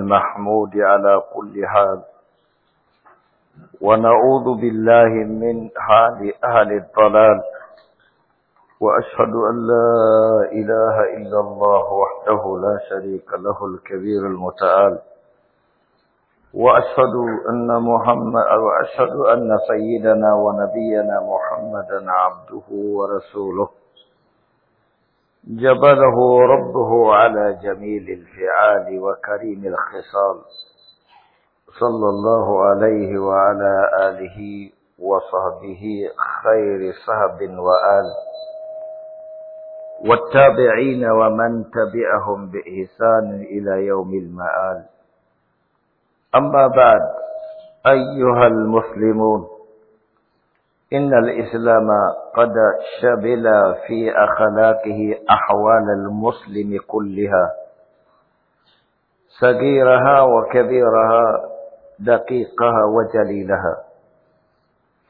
المحمود على كل حال ونعوذ بالله من حال أهل الضلال وأشهد أن لا إله إلا الله وحده لا شريك له الكبير المتعال وأشهد أن محمد وأشهد أن سيدنا ونبينا محمدا عبده ورسوله جبله ربه على جميل الفعال وكريم الخصال صلى الله عليه وعلى آله وصحبه خير صحب وآل والتابعين ومن تبعهم بإحسان إلى يوم المآل أما بعد أيها المسلمون إن الإسلام قد شبل في أخلاقه أحوال المسلم كلها صغيرها وكبيرها دقيقها وجليلها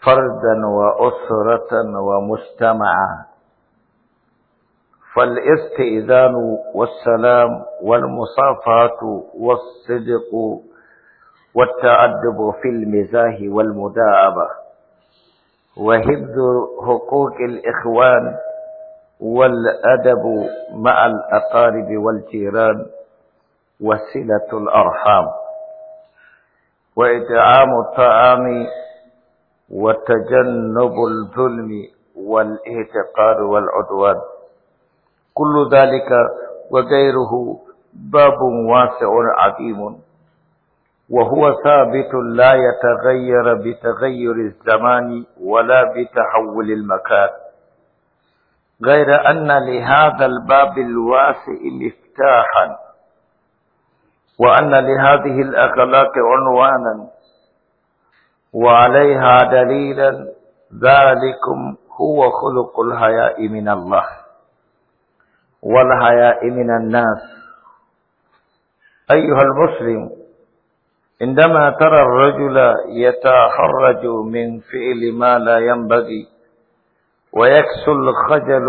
فردا وأسرة ومجتمعا فالاستئذان والسلام والمصافحة والصدق والتأدب في المزاح والمداعبة وهبذ حقوق الإخوان والأدب مع الأقارب والجيران وصلة الأرحام وإطعام الطعام وتجنب الظلم والاهتقار والعدوان كل ذلك وغيره باب واسع عظيم وهو ثابت لا يتغير بتغير الزمان ولا بتحول المكان غير أن لهذا الباب الواسع مفتاحا وأن لهذه الأخلاق عنوانا وعليها دليلا ذلكم هو خلق الحياء من الله والحياء من الناس أيها المسلم عندما ترى الرجل يتحرج من فعل ما لا ينبغي ويكسو الخجل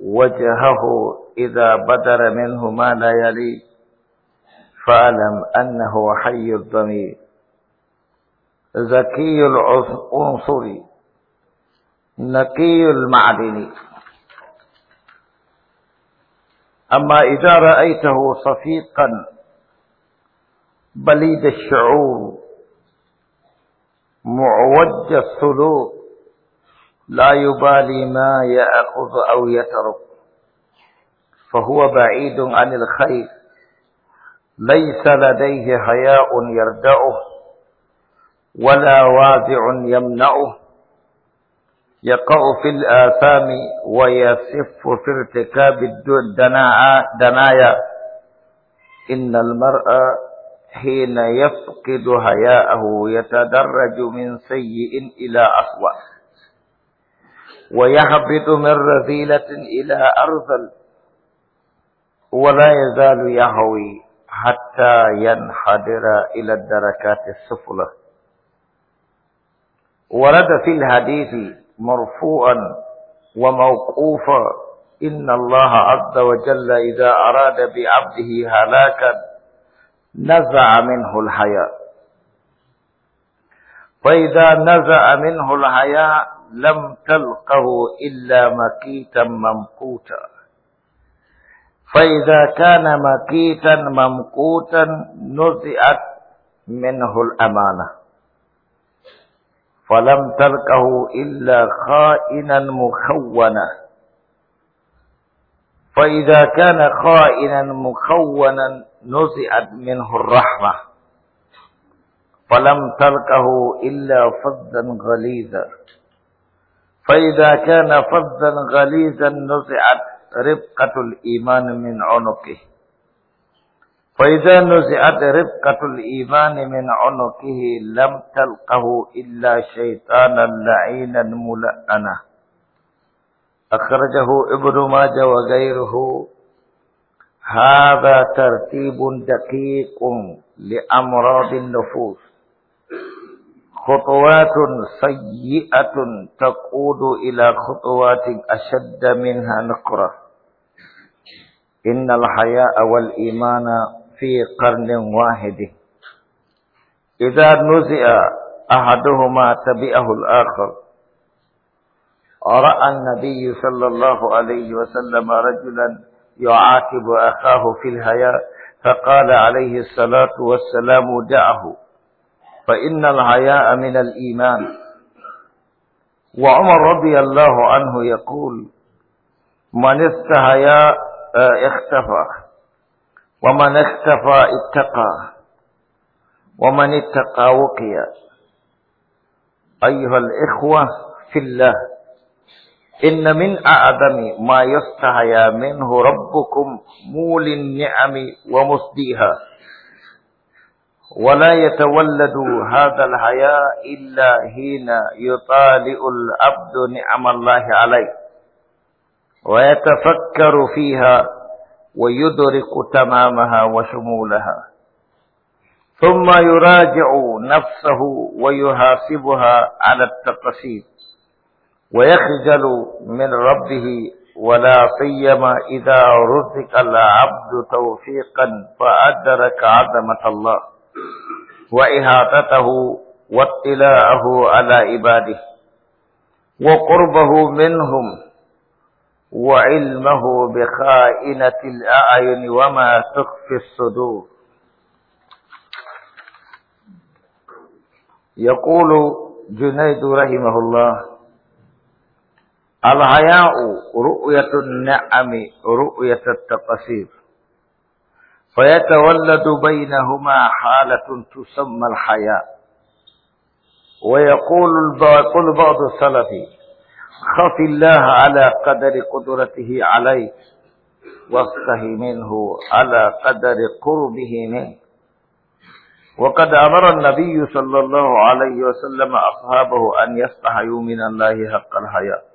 وجهه إذا بدر منه ما لا يلي فاعلم أنه حي الضمير ذكي العنصر نقي المعدن أما إذا رأيته صفيقا بليد الشعور معوج السلوك لا يبالي ما يأخذ أو يترك فهو بعيد عن الخير ليس لديه حياء يردعه ولا وازع يمنعه يقع في الآثام ويسف في ارتكاب الدنايا إن المرأة حين يفقد هياءه يتدرج من سيء إلى أسوأ ويهبط من رذيلة إلى أرذل ولا يزال يهوي حتى ينحدر إلى الدركات السفلى ورد في الحديث مرفوعا وموقوفا إن الله عز وجل إذا أراد بعبده هلاكا نزع منه الحياء فإذا نزع منه الحياء لم تلقه إلا مكيتا ممقوتا فإذا كان مكيتا ممقوتا نزعت منه الأمانة فلم تلقه إلا خائنا مخونا فإذا كان خائنا مخونا نزعت منه الرحمة فلم تلقه إلا فظا غليظا فإذا كان فظا غليظا نزعت ربقة الإيمان من عنقه فإذا نزعت ربقة الإيمان من عنقه لم تلقه إلا شيطانا لعينا ملأنا أخرجه ابن ماجه وغيره هذا ترتيب دقيق لأمراض النفوس خطوات سيئة تقود إلى خطوات أشد منها نقرة إن الحياء والإيمان في قرن واحد إذا نزع أحدهما تبئه الآخر رأى النبي صلى الله عليه وسلم رجلا يعاتب أخاه في الهياء فقال عليه الصلاة والسلام دعه فإن الهياء من الإيمان وعمر رضي الله عنه يقول من استهياء آه، اختفى ومن اختفى اتقى ومن اتقى وقي أيها الإخوة في الله إن من أعظم ما يستحيا منه ربكم مول النعم ومصديها ولا يتولد هذا الحياء إلا حين يطالئ العبد نعم الله عليه ويتفكر فيها ويدرك تمامها وشمولها ثم يراجع نفسه ويحاسبها على التقسيم ويخجل من ربه ولا سيما إذا رزق العبد توفيقا فأدرك عظمة الله وإحاطته واطلاعه على عباده وقربه منهم وعلمه بخائنة الأعين وما تخفي الصدور يقول جنيد رحمه الله الحياء رؤية النعم رؤية التقصير فيتولد بينهما حالة تسمى الحياء ويقول يقول بعض السلف خف الله على قدر قدرته عليك واستحي منه على قدر قربه منه وقد أمر النبي صلى الله عليه وسلم أصحابه أن يستحيوا من الله حق الحياء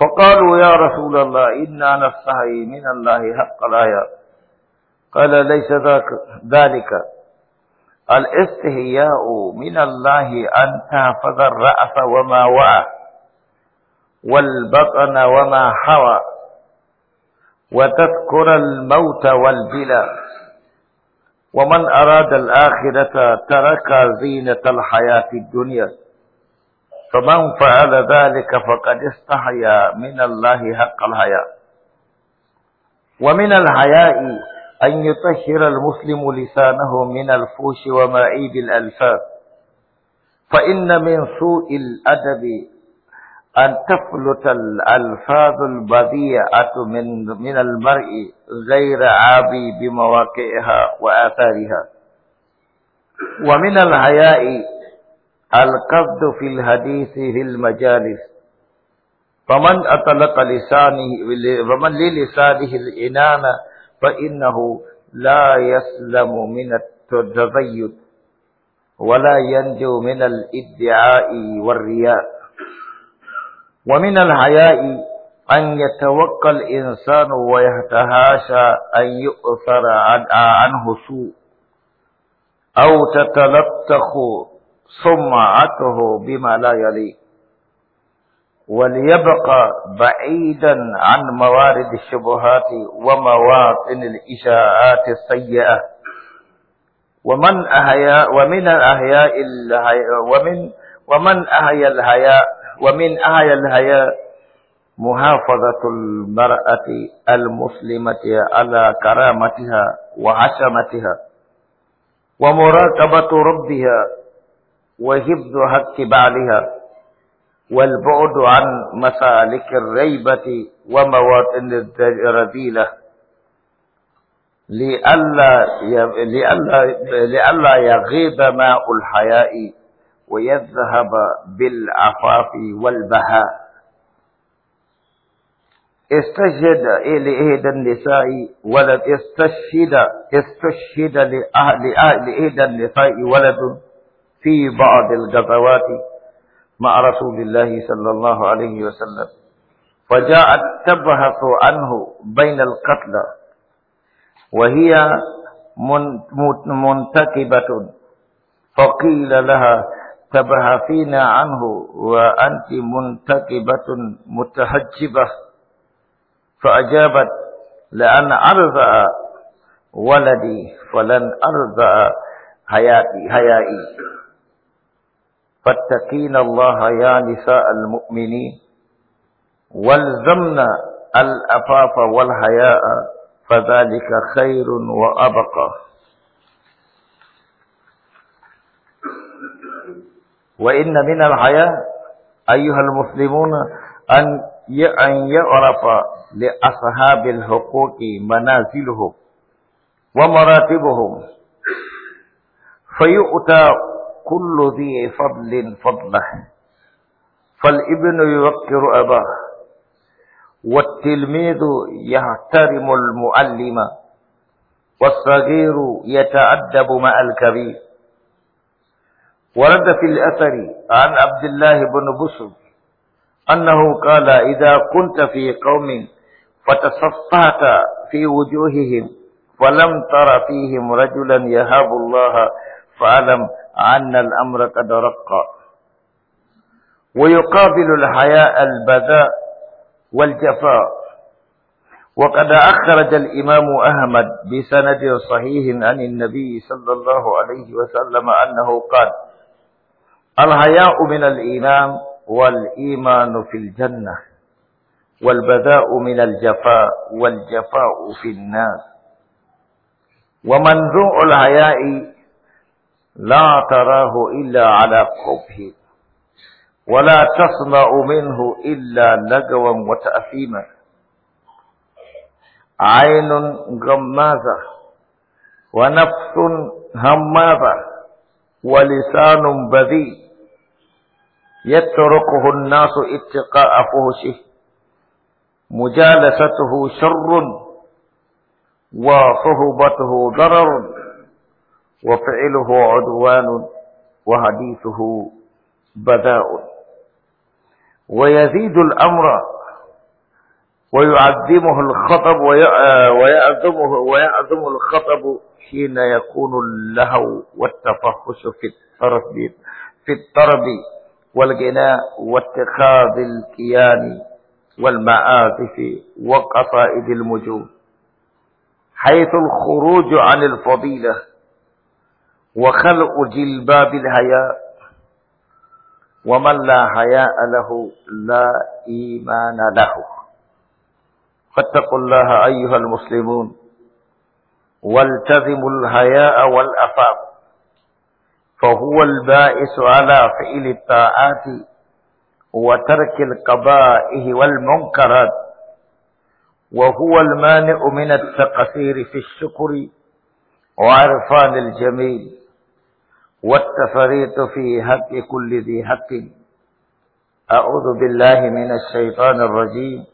فقالوا يا رسول الله إنا نستحي من الله حق الآيات قال ليس ذاك ذلك الاستحياء من الله أن تحفظ الرأس وما وعى والبطن وما حوى وتذكر الموت والبلا ومن أراد الآخرة ترك زينة الحياة الدنيا فمن فعل ذلك فقد استحيا من الله حق الحياء ومن الحياء أن يطهر المسلم لسانه من الفوش ومعيب الألفاظ فإن من سوء الأدب أن تفلت الألفاظ البذيعة من من المرء غير عابي بمواقعها وآثارها ومن الحياء القبض في الحديث في المجالس فمن أطلق لسانه ومن للسانه الإنانة فإنه لا يسلم من التزيد ولا ينجو من الادعاء والرياء ومن الحياء أن يتوقى الإنسان ويتهاشى أن يؤثر عنه سوء أو تتلطخ سمعته بما لا يلي وليبقى بعيدا عن موارد الشبهات ومواطن الإشاعات السيئة ومن أهيا ومن الأحياء ومن ومن أهيا الهياء ومن أهيا الهياء محافظة المرأة المسلمة على كرامتها وعشمتها ومراقبة ربها وحفظ حق بعدها والبعد عن مسالك الريبة ومواطن الرذيلة لئلا لئلا يغيب ماء الحياء ويذهب بالعفاف والبهاء استشهد لإحدى النساء ولد استشهد استشهد لأهل لإحدى النساء ولد في بعض الغزوات مع رسول الله صلى الله عليه وسلم فجاءت تبحث عنه بين القتلى وهي منتكبة فقيل لها تبحثين عنه وأنت منتكبة متحجبة فأجابت لأن أرضى ولدي فلن أرضى حياتي حيائي فاتقين الله يا نساء المؤمنين والزمن الأفاف والحياء فذلك خير وأبقى وإن من الحياء أيها المسلمون أن أن يعرف لأصحاب الحقوق منازلهم ومراتبهم فيؤتى كل ذي فضل فضله فالابن يوقر أباه والتلميذ يحترم المعلم والصغير يتأدب مع الكبير ورد في الأثر عن عبد الله بن بسر أنه قال إذا كنت في قوم فتصفحت في وجوههم فلم تر فيهم رجلا يهاب الله فاعلم عنا الأمر قد رقى ويقابل الحياء البذاء والجفاء وقد أخرج الإمام أحمد بسند صحيح عن النبي صلى الله عليه وسلم أنه قال الحياء من الإيمان والإيمان في الجنة والبذاء من الجفاء والجفاء في الناس ومنزوع الحياء لا تراه إلا على قبه ولا تصنع منه إلا لغوا وتأثيما عين غمازة ونفس همازة ولسان بذيء يتركه الناس اتقاء فهشه مجالسته شر وصهبته ضرر وفعله عدوان وحديثه بداء ويزيد الأمر ويعظمه الخطب آه، ويعظمه ويعظم الخطب حين يكون اللهو والتفحص في الطرب في الطرب والغناء واتخاذ الكيان والمعازف وقصائد المجوم حيث الخروج عن الفضيلة وخلع جلباب الهياء ومن لا حياء له لا إيمان له فاتقوا الله أيها المسلمون والتزموا الحياء والأفاق فهو البائس على فعل الطاعات وترك القبائه والمنكرات وهو المانع من التقصير في الشكر وعرفان الجميل والتفريط في حق كل ذي حق أعوذ بالله من الشيطان الرجيم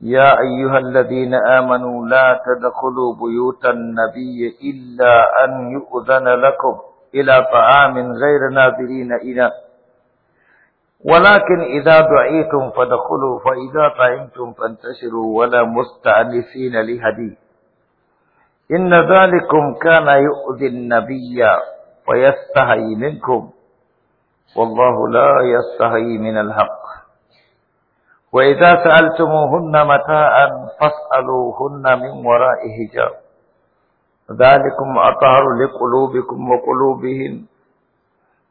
يا أيها الذين آمنوا لا تدخلوا بيوت النبي إلا أن يؤذن لكم إلى طعام غير ناظرين إلى ولكن إذا دعيتم فدخلوا فإذا طعمتم فانتشروا ولا مستأنسين لهدي إن ذلكم كان يؤذي النبي ويستحي منكم والله لا يستحي من الحق وإذا سألتموهن متاء فاسألوهن من وراء حجاب ذلكم أطهر لقلوبكم وقلوبهم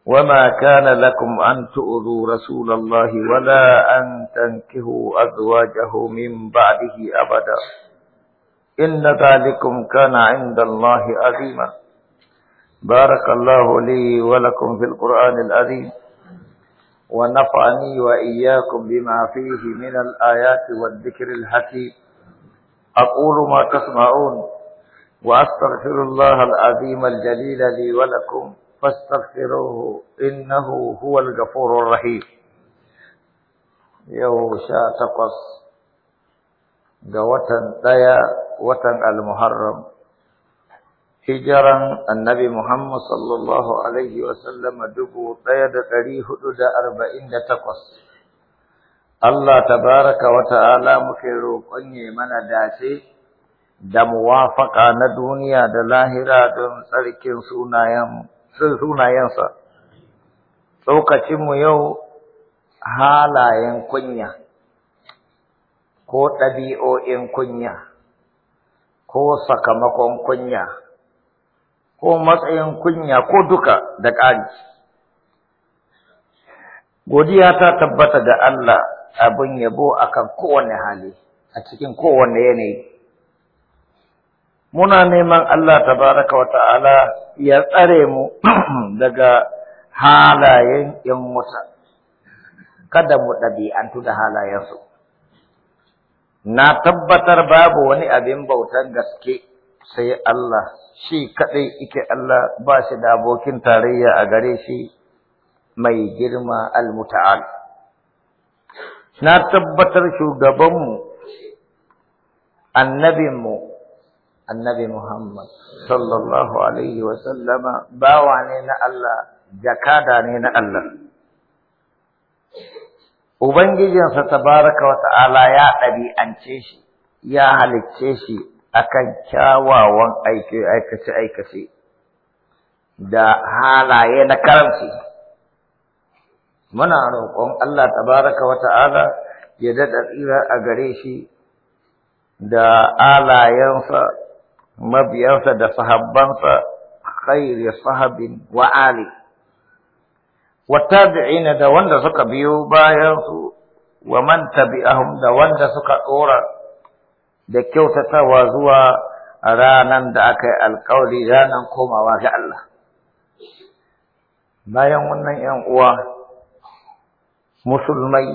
وما كان لكم أن تؤذوا رسول الله ولا أن تنكهوا أزواجه من بعده أبدا إن ذلكم كان عند الله عظيما بارك الله لي ولكم في القرآن العظيم ونفعني وإياكم بما فيه من الآيات والذكر الحكيم أقول ما تسمعون وأستغفر الله العظيم الجليل لي ولكم فاستغفروه إنه هو الغفور الرحيم يو شاء تقص دوة ديا ɗaya المحرم Hijran annabi Muhammad sallallahu Alaihi wasallam dubu ɗaya da ɗari hudu da arba'in da takwas. Allah tabaraka wa ta'ala muke roƙon mana dace da muwafaƙa na duniya da lahira don tsarkin sunayensa. mu yau halayen kunya ko ɗabi'o'in kunya ko sakamakon kunya. ko matsayin kunya ko duka da ƙari. Godiya ta tabbata da Allah abin yabo a akan kowane hali a cikin kowane yanayi. Muna neman Allah baraka wa ta'ala ya tsare mu daga halayen ‘yan wuta, kada mu ɗabi'antu da halayensu. Na tabbatar babu wani abin bautar gaske sai Allah shi kaɗai ike Allah ba shi da abokin tarayya a gare shi mai girma al-muta'al na tabbatar shugabanmu annabinmu annabi Muhammad sallallahu alaihi wa sallama bawa ne na Allah jakada ne na Allah ubangijinsa tabaraka wa ta'ala ya ɗabi'ance shi ya halicce shi akan kyawawan aikace-aikace da halaye na karanci, Muna roƙon Allah tabaraka wa ta'ala ya daɗa tsira a gare shi da alayensa, mabiyansa da sahabbansa khairi sahabin wa ali. da wanda suka biyo bayansu wa man tabi'ahum da wanda suka ɗora da kyautatawa zuwa ranan da aka yi alƙawari ranan komawa ga Allah. Bayan wannan ƴan uwa, musulmai,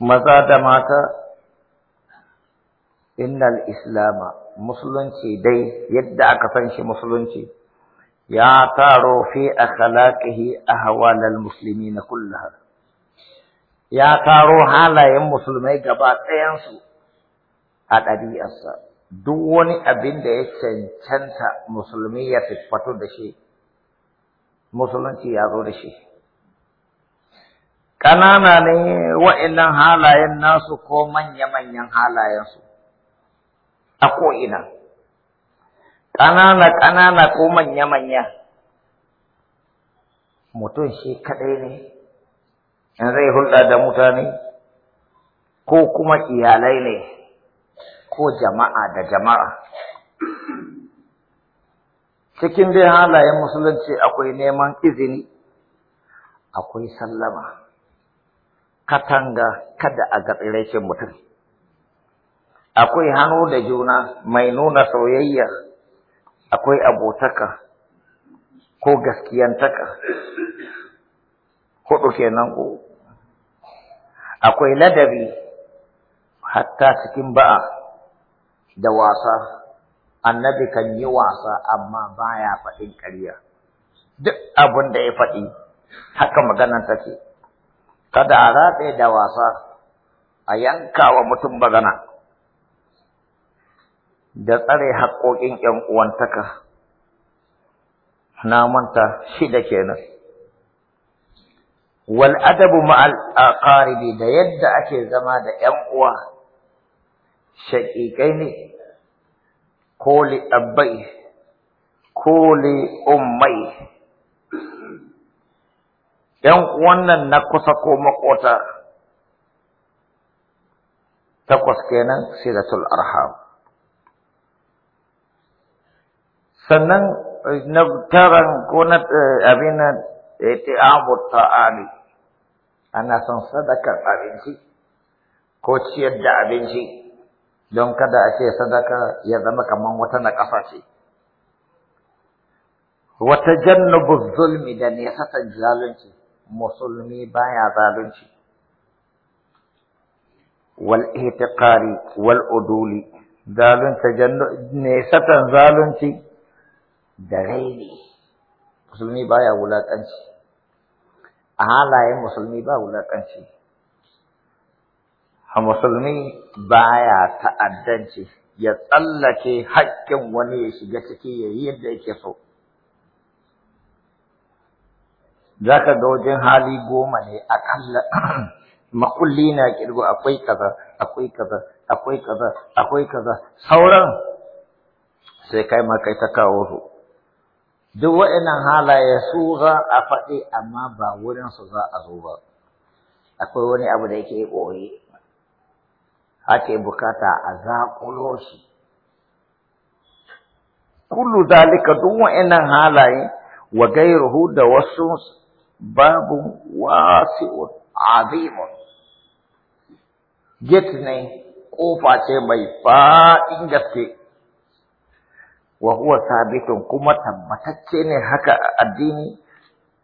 maza da mata, innal islama, musulunci dai yadda aka san shi musulunci, ya taro fi akhlaqihi ahwal al muslimin kullaha. Ya taro halayen musulmai gaba ɗayan su a ɗabi'arsa duk wani abin da ya cancanta musulmi ya fito da shi musulunci ya zo da shi ƙanana ne wa'annan halayen nasu ko manya-manyan halayensu a ko'ina ƙanana-ƙanana ko manya-manya mutum shi kaɗai ne in zai hulɗa da mutane ko kuma iyalai ne ko jama'a da jama'a cikin dai halayen musulunci akwai neman izini akwai sallama katanga kada a ga tsiraicin mutum akwai hannu da juna mai nuna soyayya akwai abotaka ko gaskiyantaka hudu kenan ko akwai ladabi hatta cikin ba'a da wasa annabi kan yi wasa amma baya faɗin ƙarya duk abin da ya faɗi haka maganar take kada a ratse da wasa a yanka wa mutum magana da tsare haƙoƙin ƴan uwantaka na manta shida kenan wal adabu ma'al aqaribi da yadda ake zama da 'yan uwa shaƙiƙai ne ko li abbai ko li ummai ‘yan wannan na kusa ko makota takwas kenan silatul arham sannan na taron ko na eh, abin iti'amu ali ana son sadakar abinci ko ciyar da abinci don kada a ce sadaka ya zama kaman wata na ƙasa ce wata jannubu zulmi da nesatan zalunci musulmi baya zalunci wal ihtiqari wal uduli zalunta nesatan zalunci da raini musulmi baya wulaƙanci a halayen musulmi ba wulaƙanci a musulmi baya ta'addanci ya tsallake haƙƙin wani ya shiga ciki ya yi yadda yake so. Za ka ga wajen hali goma ne a kalla makulli na kirgo akwai kaza, akwai kaza, akwai kaza, akwai kaza, sauran sai kai ma kai ta kawo su. Duk wa'inan halaye su za a faɗi amma ba wurin su za a zo ba. Akwai wani abu da yake ɓoye. ake bukata a zaƙulo shi kullu zalika duk wa'annan halaye wa gairuhu da wasu babu wasi'un azimun Get ne kofa ce mai fa'in gaske wa huwa sabitun kuma tabbatacce ne haka addini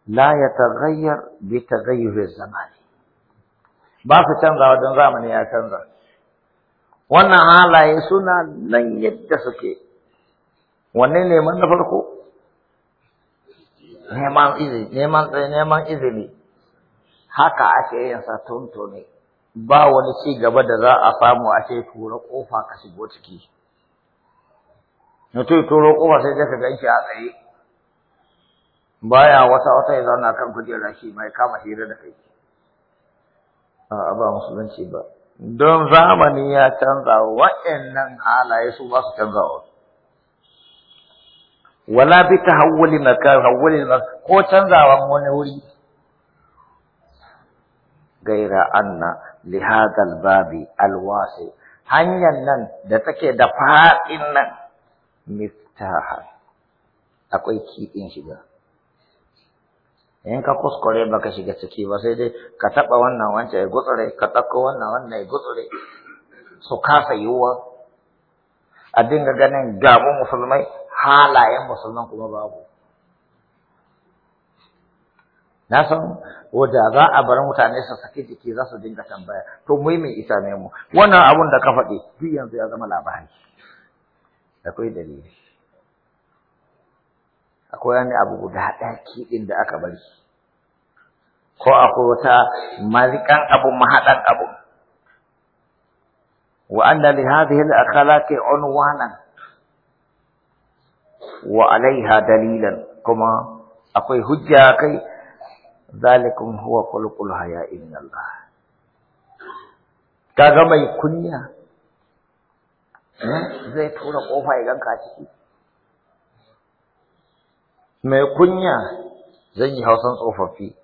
la ya tagayyar bi zamani ba su canza wajen zamani ya canza wannan halaye suna nan yadda suke wanne neman na farko neman izini neman neman izini haka ake yin sa tuntuni ba wani ci gaba da za a samu a ce tura kofa ka shigo ciki mutum turo kofa sai dai ka ganshi a tsaye baya wata wata ya zauna kan kujera shi mai kama hira da kai a'a ba musulunci ba don zamani ya canza wa'annan halaye su ba su canzawa wala bi tahawuli makan hawuli ko canzawan wani wuri gaira anna li hadal babi alwasi hanyar nan da take da fadin nan miftaha akwai kiɗin shiga in ka kuskure baka shiga ciki ba sai dai ka taɓa wannan wancan ya gutsure ka ɗauko wannan wannan ya gutsure su kasa yiwuwa a dinga ganin gamu musulmai halayen musulman kuma babu na san wadda za a bar mutane su saki jiki za su dinga tambaya to mu mai isa ne mu wannan abun da ka faɗi duk yanzu ya zama labari akwai dalili akwai wani abu guda ɗaya kiɗin da aka bari ko akwai wata malikan abu mahaɗan abu wa anna li hadhihi al-akhlaqi unwanan wa alaiha dalilan kuma akwai hujja kai zalikum huwa qulqul haya inna Allah kaga mai kunya eh, zai tura kofa ya ganka ciki mai kunya zan yi hausan tsofaffi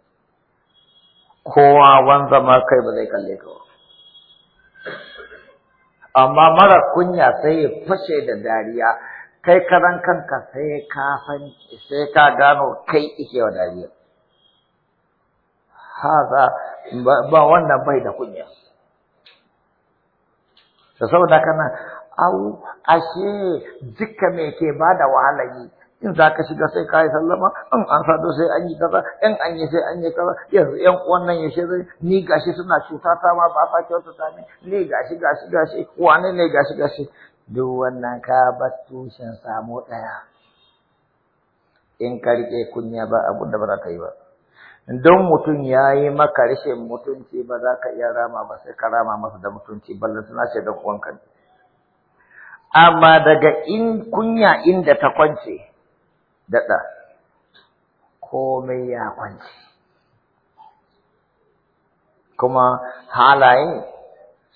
kowa wan zama kai ba zai kalle ka ba amma mara kunya sai ya fashe da dariya kai karan kanka sai ka san sai ka gano kai ike wa dariya haza ba wannan bai da kunya da saboda kana au ashe duka me ke bada da yi in za ka shiga sai ka yi sallama in an sado sai an yi kaza in an yi sai an yi kaza yanzu yan uwan nan ya zai ni gashi suna cuta ta ma ba ta kyauta ta ne ni gashi gashi gashi wane ne gashi gashi duk wannan ka bar tushen samo ɗaya in ka riƙe kunya ba abu da ba za ka yi ba don mutum ya yi maka rashin mutunci ba za ka iya rama ba sai ka rama masa da mutunci ballan suna ce don uwanka amma daga in kunya inda ta kwance daɗa komai ya kwanci kuma halaye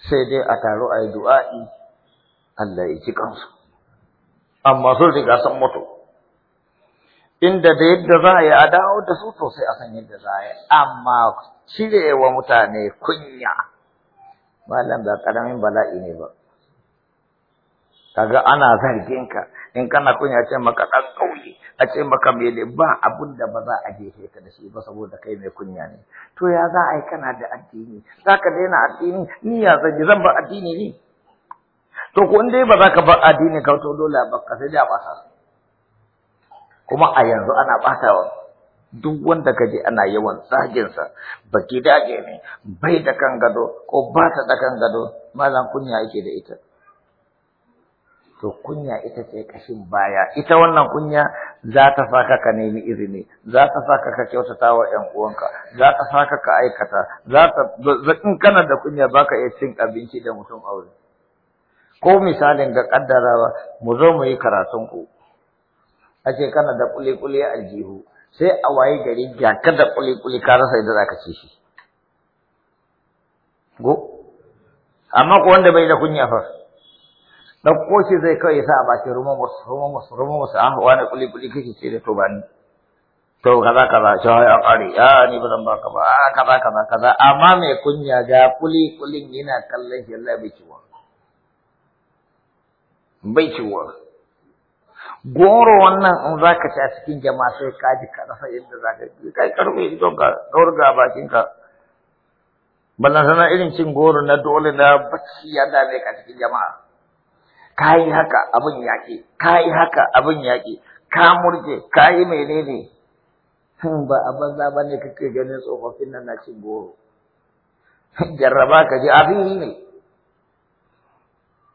sai dai a taro a yi du'a'i Allah ya ji kansu amma sun riga san mutu inda da yadda za a yi a dawo da su to sai a san yadda za a yi amma cirewa mutane kunya malam ba ƙaramin bala'i ne ba kaga ana zargin ka in kana kunya ce maka dan kauye a ce maka ne. ba abun da ba za a je ka da shi ba saboda kai mai kunya ne to ya za a yi kana da addini za ka daina addini ni ya zan zan ba addini ne to ko dai ba za ka bar addini ka to dole ba ka sai da kuma a yanzu ana batawa duk wanda ka je ana yawan sa baki dage ne bai da kan gado ko ba ta da kan gado malam kunya yake da ita to kunya ita ce kashin baya ita wannan kunya za ta saka ka nemi izini za ta saka ka kyautata wa ƴan uwanka za ta saka ka aikata za ta in kana da kunya baka iya cin abinci da mutum aure ko misalin ga kaddarawa mu zo mu yi karatun ku ake kana da kuli-kuli aljihu sai a waye gari ga ka da kuli-kuli ka rasa idan zaka ci shi go amma ko wanda bai da kunya fa ɗauko shi zai kawai sa a baki rumon wasu. An hawa na kuli kuli kake ce da to ba ni to kaza kaza shawai a ƙari ya ni ba zan ka ba a ah, kaza kaza kaza amma mai kunya ga kuli kulin yana kallon shi Allah bai ciwo bai ciwo goro wannan in za ka ci a cikin jama'a sai ka ji ka rasa yadda za ka yi kai karfe don ka ɗaurga bakinka ballan sana irin cin goro na dole na bacci ya dame ka cikin jama'a ka yi haka abin yaƙi ka yi haka abin yaƙi ka murje ka yi menene hmm, ba a banza ba ne kake ganin tsofaffin nan na cin goro jarraba ka ji abin yi ne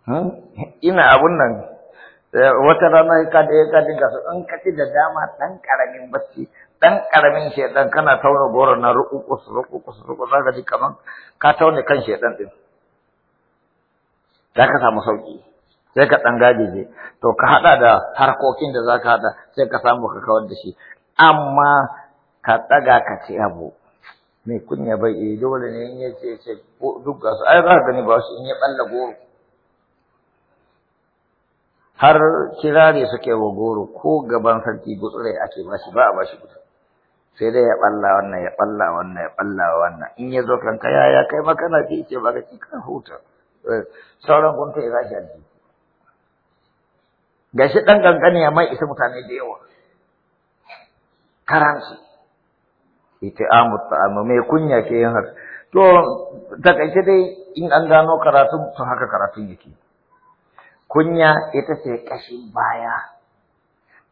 hmm, ina abun nan eh, wata rana ka da ka dinga su in ka ci da dama dan karamin bacci dan karamin shedan kana tauna goro na rukukus rukukus rukukus ka ji kaman ka tauna kan shedan din ka samu sauki sai ka ɗan gajeje to ka haɗa da harkokin da za ka haɗa sai ka samu ka kawar da shi amma ka ɗaga ka ci abu mai kunya bai iya dole ne in ya ce ce duk gasu ai za ka gani ba su in ya ɓalla goro har kirare suke wa goro ko gaban sarki gutsure ake ba shi ba a ba shi sai dai ya ɓalla wannan ya ɓalla wannan ya ɓalla wannan in ya zo kanka ya kai makana ce ce ba ka ci ka huta eh, sauran kun ta ya za shi aljihu shi ɗan ƙanƙani ya mai isa mutane da yawa karanci ita ah, amu ah, ta'amu mai kunya ke yin haka to takaice dai in an gano karatun to haka karatun yake kunya ita ce ƙashin baya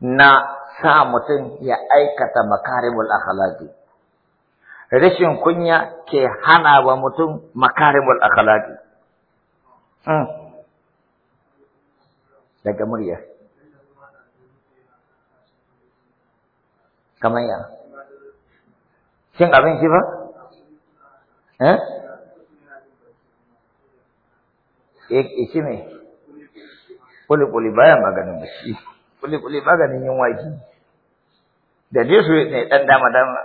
na sa mutum ya aikata makarimul akhlaqi rashin kunya ke hana wa mutum makarimul akhlaqi hmm. daga murya kamar ya cin abinci ba eh ishi eh, eh, ne kuli-kuli baya maganin bashi kuli-kuli maganin yin waji da dai su ne dan dama dama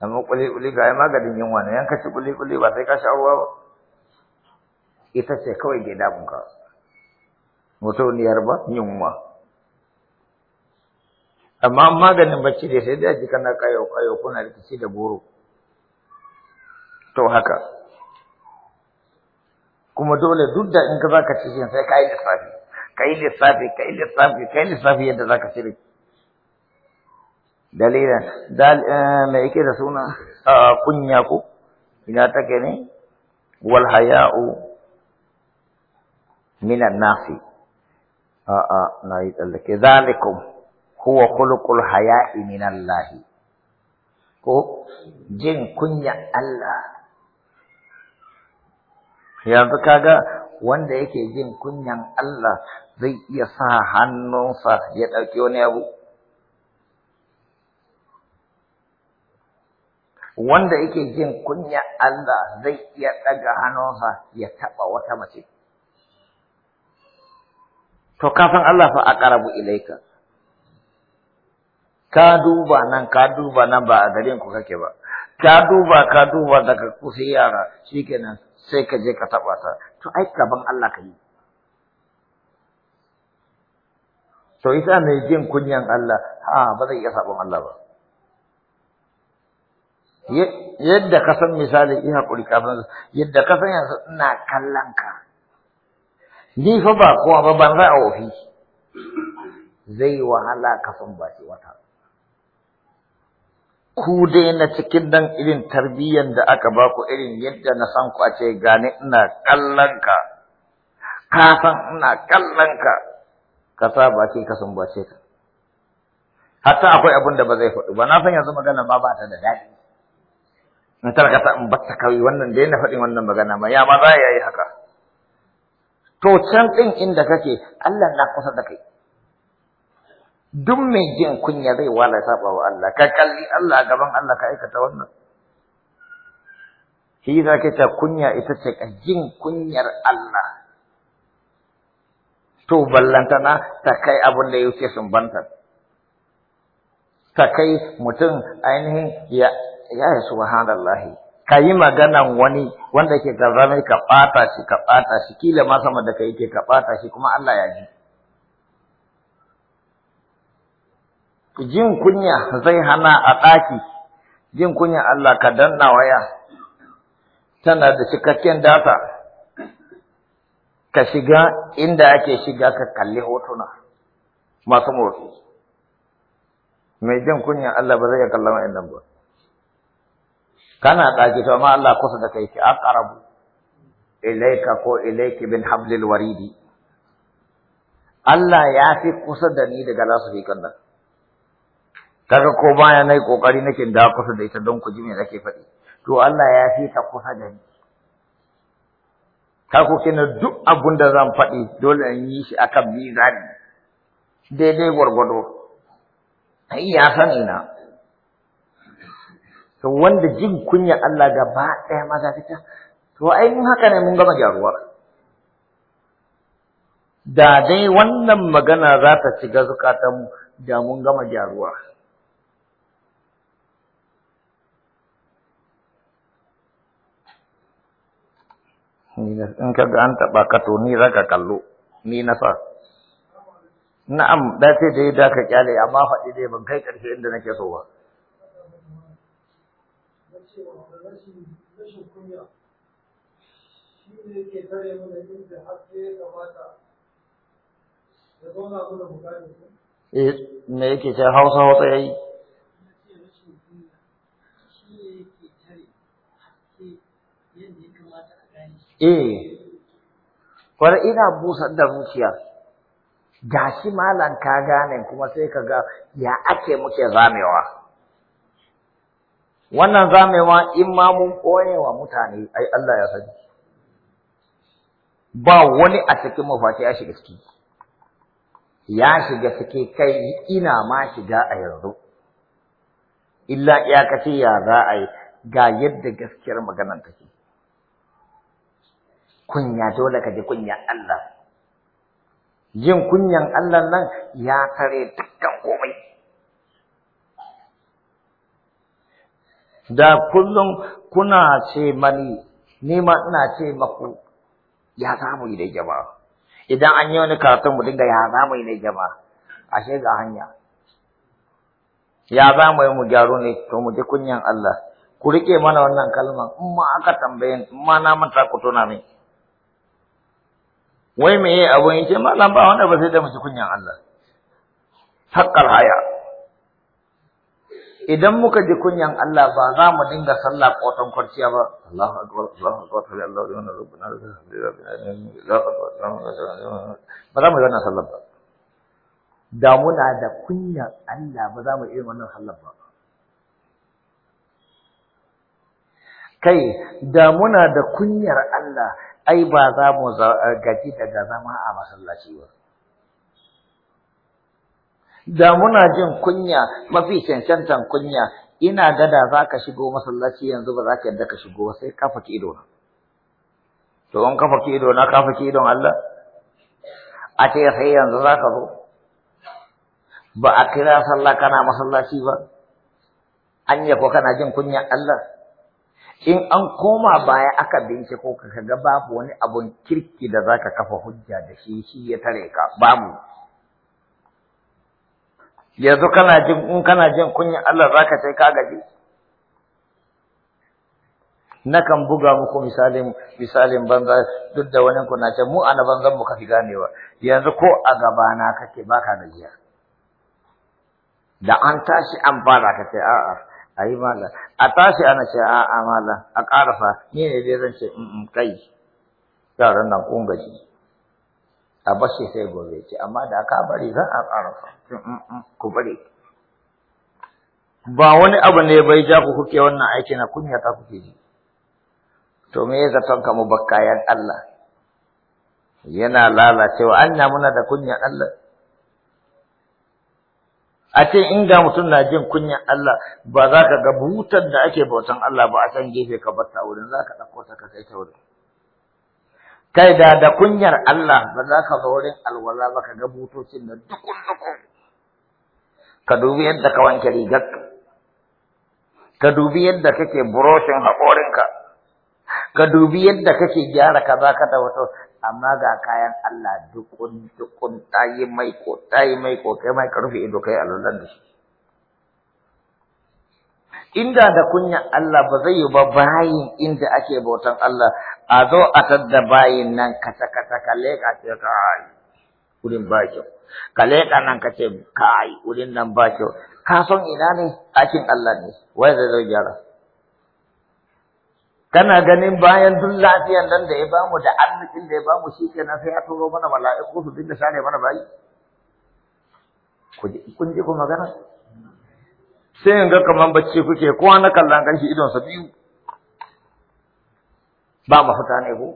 amma kuli-kuli ga ya maganin yin wani yanka ci kuli-kuli ba sai ka sha ruwa ba ita ce kawai ke damunka mutuniyar ba yunwa amma maganin bacci da sai dai kana kayo kayo kuna rikici da goro to haka kuma dole duk da in ka zaka ci sai ka yi lissafi ka yi lissafi ka yi lissafi ka yi lissafi yadda zaka cire dalilin dal eh, me yake da suna kunya ko ina take ne wal haya'u minan nasi a'a na yi tsallake zalikum huwa khuluqul haya'i min Allah ko jin kunya Allah yanzu kaga wanda yake jin kunyan Allah zai iya sa hannunsa ya ɗauki wani abu wanda yake jin kunya Allah zai iya ɗaga hannunsa ya taɓa wata mace to kafin Allah fa aqrabu ilaika ka duba nan ka duba nan ba a garin ku kake ba ka duba ka duba daga sai yara shikenan sai ka je ka taba ta to ai gaban Allah ka yi to ita mai jin kunyan Allah ha ba zai iya sabon Allah ba yadda ka san misali ina kuri kafin yadda ka san yanzu ina kallon ka ni fa ba kowa ba ban za a ofi zai wahala ka san ba shi wata ku dai na cikin nan irin tarbiyyar da aka ba ku irin yadda na san ku a ce gane ina kallon ka ka san ina kallon ka ka sa ba baki ka san bace ka hatta akwai abin da ba zai faɗi ba na san yanzu magana ba ba ta da daɗi in ta in batta kawai wannan dai na faɗin wannan magana ma ya ma za ya yi haka to can ɗin inda kake Allah na kusa da kai duk mai jin kunya zai wala saba wa Allah ka kalli Allah gaban Allah ka aikata wannan shi yasa ta kunya ita ce ka jin kunyar Allah to ballantana ta kai abin da yake sun banta ta kai mutum ainihin ya ya subhanallahi ka yi maganan wani wanda ke mai ka ɓata shi ka ɓata shi kila ma sama da ka ke ka ɓata shi kuma Allah ya ji. Jin kunya zai hana a ɗaki, jin kunya Allah ka danna waya, tana da cikakken data, ka shiga inda ake shiga ka kalli hotuna masu motsi. Mai jin kunya Allah ba zai kallon wa'in ba. kana ɗaki to amma Allah kusa da kai ki aqrabu ilaika ko ilaiki bin hablil waridi Allah ya fi kusa da ni daga lasu fi nan kaga ko baya nayi kokari nake da kusa da ita don ku ji me nake faɗi to Allah ya fi ta kusa da ni ka ku kina duk abun da zan faɗi dole in yi shi akan mizani daidai gwargwado ai ya sani na to wanda jin kunya Allah gaba ɗaya maza fita to ai mun haka ne mun gama gyaruwa da dai wannan magana za ta shiga zukatan da mun gama gyaruwa in ka ga an taɓa ka to ni za ka kallo ni na sa na'am da sai da ya da ka kyale amma faɗi dai ban kai ƙarshe inda nake so ba cewa da yake tare mana inda ya kamata ya eh, zauna me yake ce hausa hausa yayi eh ina busar da zuciya gashi malam ka gane kuma sai ka ga ya ake muke zamewa wannan zamewa in ma mun koyewa mutane ai Allah ya sani ba wani a cikin mafati ya shiga ciki ya shiga ciki kai ina ma shiga a yanzu illa iyakaci ya za a yi ga yadda gaskiyar maganar take kunya dole ka ji kunyan Allah jin kunyan Allah nan ya tare dukkan da kullum kuna ce mani ni ma ina ce maku ya zamu yi da jama'a idan an yi wani karatun mu dinga ya zamu yi da jama'a ashe ga hanya ya zamu yi mu gyaro ne to mu ji kunyan Allah ku rike mana wannan kalman in ma aka tambaye in ma na manta ku tona ne wai me abun yake malam ba wanda ba sai da mu ji kunyan Allah haqqal haya idan muka ji kunyan Allah ba za mu dinga sallah kotan kwarciya ba Allahu akbar Allahu akbar sai Allah ya nuna rabbuna ba za mu yi wannan sallah ba da muna da kunyan Allah ba za mu yi wannan sallah ba kai da muna da kunyar Allah ai ba za mu gaji daga zama a masallaci ba da muna jin kunya mafi cancantan kunya ina gada za ka shigo masallaci yanzu ba za ka yadda ka shigo ba sai ka faki ido na to in ka faki ido na ka faki idon Allah a ce sai yanzu za ka zo ba a kira sallah kana masallaci ba an ko kana jin kunya Allah in an koma baya aka binciko ka ga babu wani abun kirki da zaka kafa hujja da shi shi ya tare ka babu yanzu kana jin in kana jin kunyan Allah zaka sai ka gaji nakan buga muku misalin misalin banza duk da wani ku na ce mu ana banzan mu kafi ganewa yanzu ko a gaba na kake baka gajiya da an tashi an fara ka ce a'a ayi mala a tashi ana ce a'a mala a ƙarafa ni ne dai zan ce kai yaran nan kun gaji a bashi sai gobe ce amma da aka bari za a ƙarasa ku bari ba wani abu ne bai ja ku kuke wannan aiki na kunya ta kuke ji to me ya zaton mu bakkayan Allah yana lalacewa anya muna da kunyan Allah a ce in ga mutum na jin kunyan Allah ba za ka ga butar da ake bautan Allah ba a san gefe ka bar ta wurin za ka ɗauko ta ka kai ta wurin kai da da kunyar Allah ba za ka zo wurin alwala ba ka ga butocin da dukun dukun ka dubi yadda ka wanke rigar ka dubi yadda kake buroshin haƙorinka ka dubi yadda kake gyara kaza ka da wato amma ga kayan Allah dukun dukun tayi mai ko tayi mai ko kai mai ka rufe ido kai alwalan da shi inda da kunya Allah ba zai yi ba bayin inda ake bautan Allah a zo a tadda bayin nan kasa kasa ka leƙa ce kai wurin ba kyau ka leƙa nan ka ce kai wurin nan ba kyau ka son ina ne ɗakin Allah ne wai zai zai gyara kana ganin bayan duk lafiyan nan da ya bamu da arzikin da ya bamu shi kenan sai ya turo mana mala'iku su dinga sare mana bayi kun ji ku magana sai in ga kaman bacci kuke kowa na kallon idon idonsa biyu ba mafita ne ko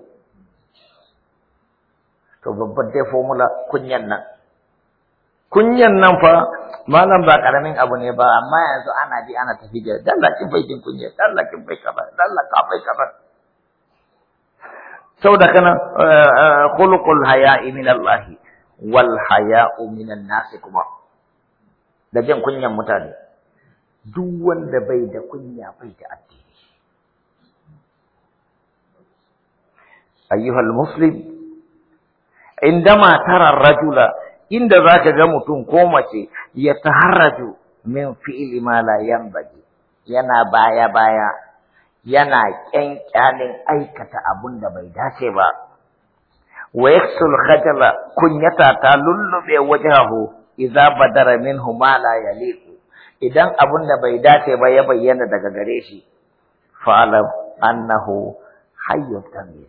to babban dai formula kunyan nan kunyan nan fa malam ba karamin abu ne ba amma yanzu ana bi ana tafi da dalla kin bai kin kunya dalla kin bai kaba dalla ka bai kaba saboda kana eh, eh, khuluqul haya'i min Allah wal haya'u min an-nas kuma da jin kunyan mutane duk wanda bai da kunya bai da addini ayyuhal muslim indama tara rajula inda zaka ga mutum ko mace ya taharraju min fi'li ma la yanbaghi yana baya baya yana kyankyanin aikata abun da bai dace ba wa yaksul khajala kunyata ta lullube wajhahu idza badara minhu ma idan abun da bai dace ba ya bayyana daga gare shi fa'alam annahu hayyun tamir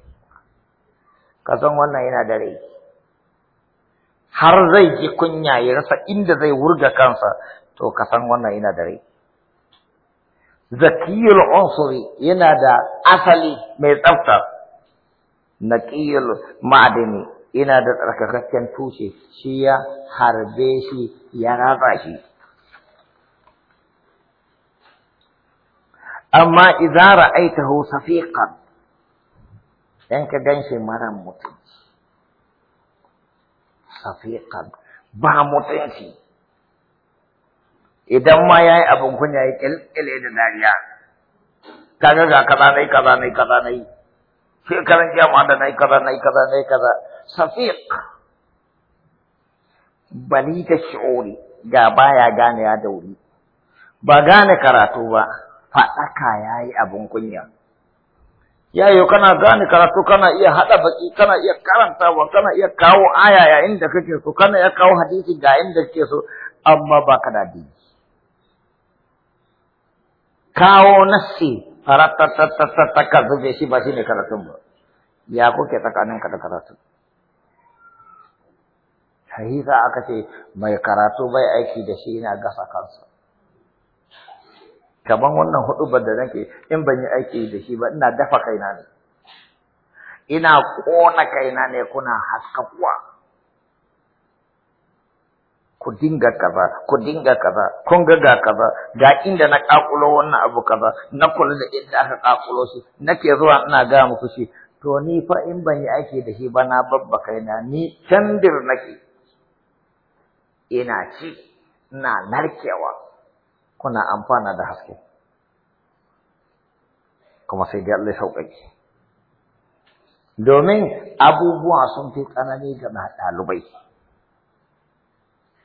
ka san wannan yana da rai har zai ji kunya ya rasa inda zai wurga kansa to ka san wannan yana da rai zakiyul unsuri yana da asali mai tsafta naqiyul ma'adani yana da tsarkakakken tushe shi ya harbe shi ya raba shi amma idza ra'aitahu safiqan dan ka ganshi mara mutunci safiqan ba mutunci idan ma yayi abun kunya ya kilkile da dariya kaga ga kaza nai kaza nai kaza nai shekaran jiya ma da nai kaza nai kaza nai kaza safiq bali da shi'uri ga baya ganewa da wuri ba gane karatu ba faɗaka ya yi abin kunya. Yayo kana gane karatu kana iya haɗa baki kana iya karantawa kana iya kawo aya yayin da kake so kana iya kawo hadisi ga inda kake so amma ba ka da addini. Kawo nassi ratatatatatata ka zube shi ba shi ne karatun ba. Ya kuke tsakanin ka da karatu. Sahiha aka ce mai karatu bai aiki da shi yana gasa kansa. kaman wannan hudubar da nake in ban yi aiki da shi ba ina dafa kaina ne ina kona kaina ne kuna haskakuwa ku dinga kaza ku dinga kaza kun ga ga kaza ga inda na kakulo wannan abu kaza na kula da inda aka kakulo shi nake zuwa ina ga muku shi to ni fa in ban yi aiki da shi ba na babba kaina ni tandir nake ina ci ina narkewa kuna amfana da haske kuma sai dai Allah sauƙaƙe domin abubuwa sun fi tsanani ga ɗalibai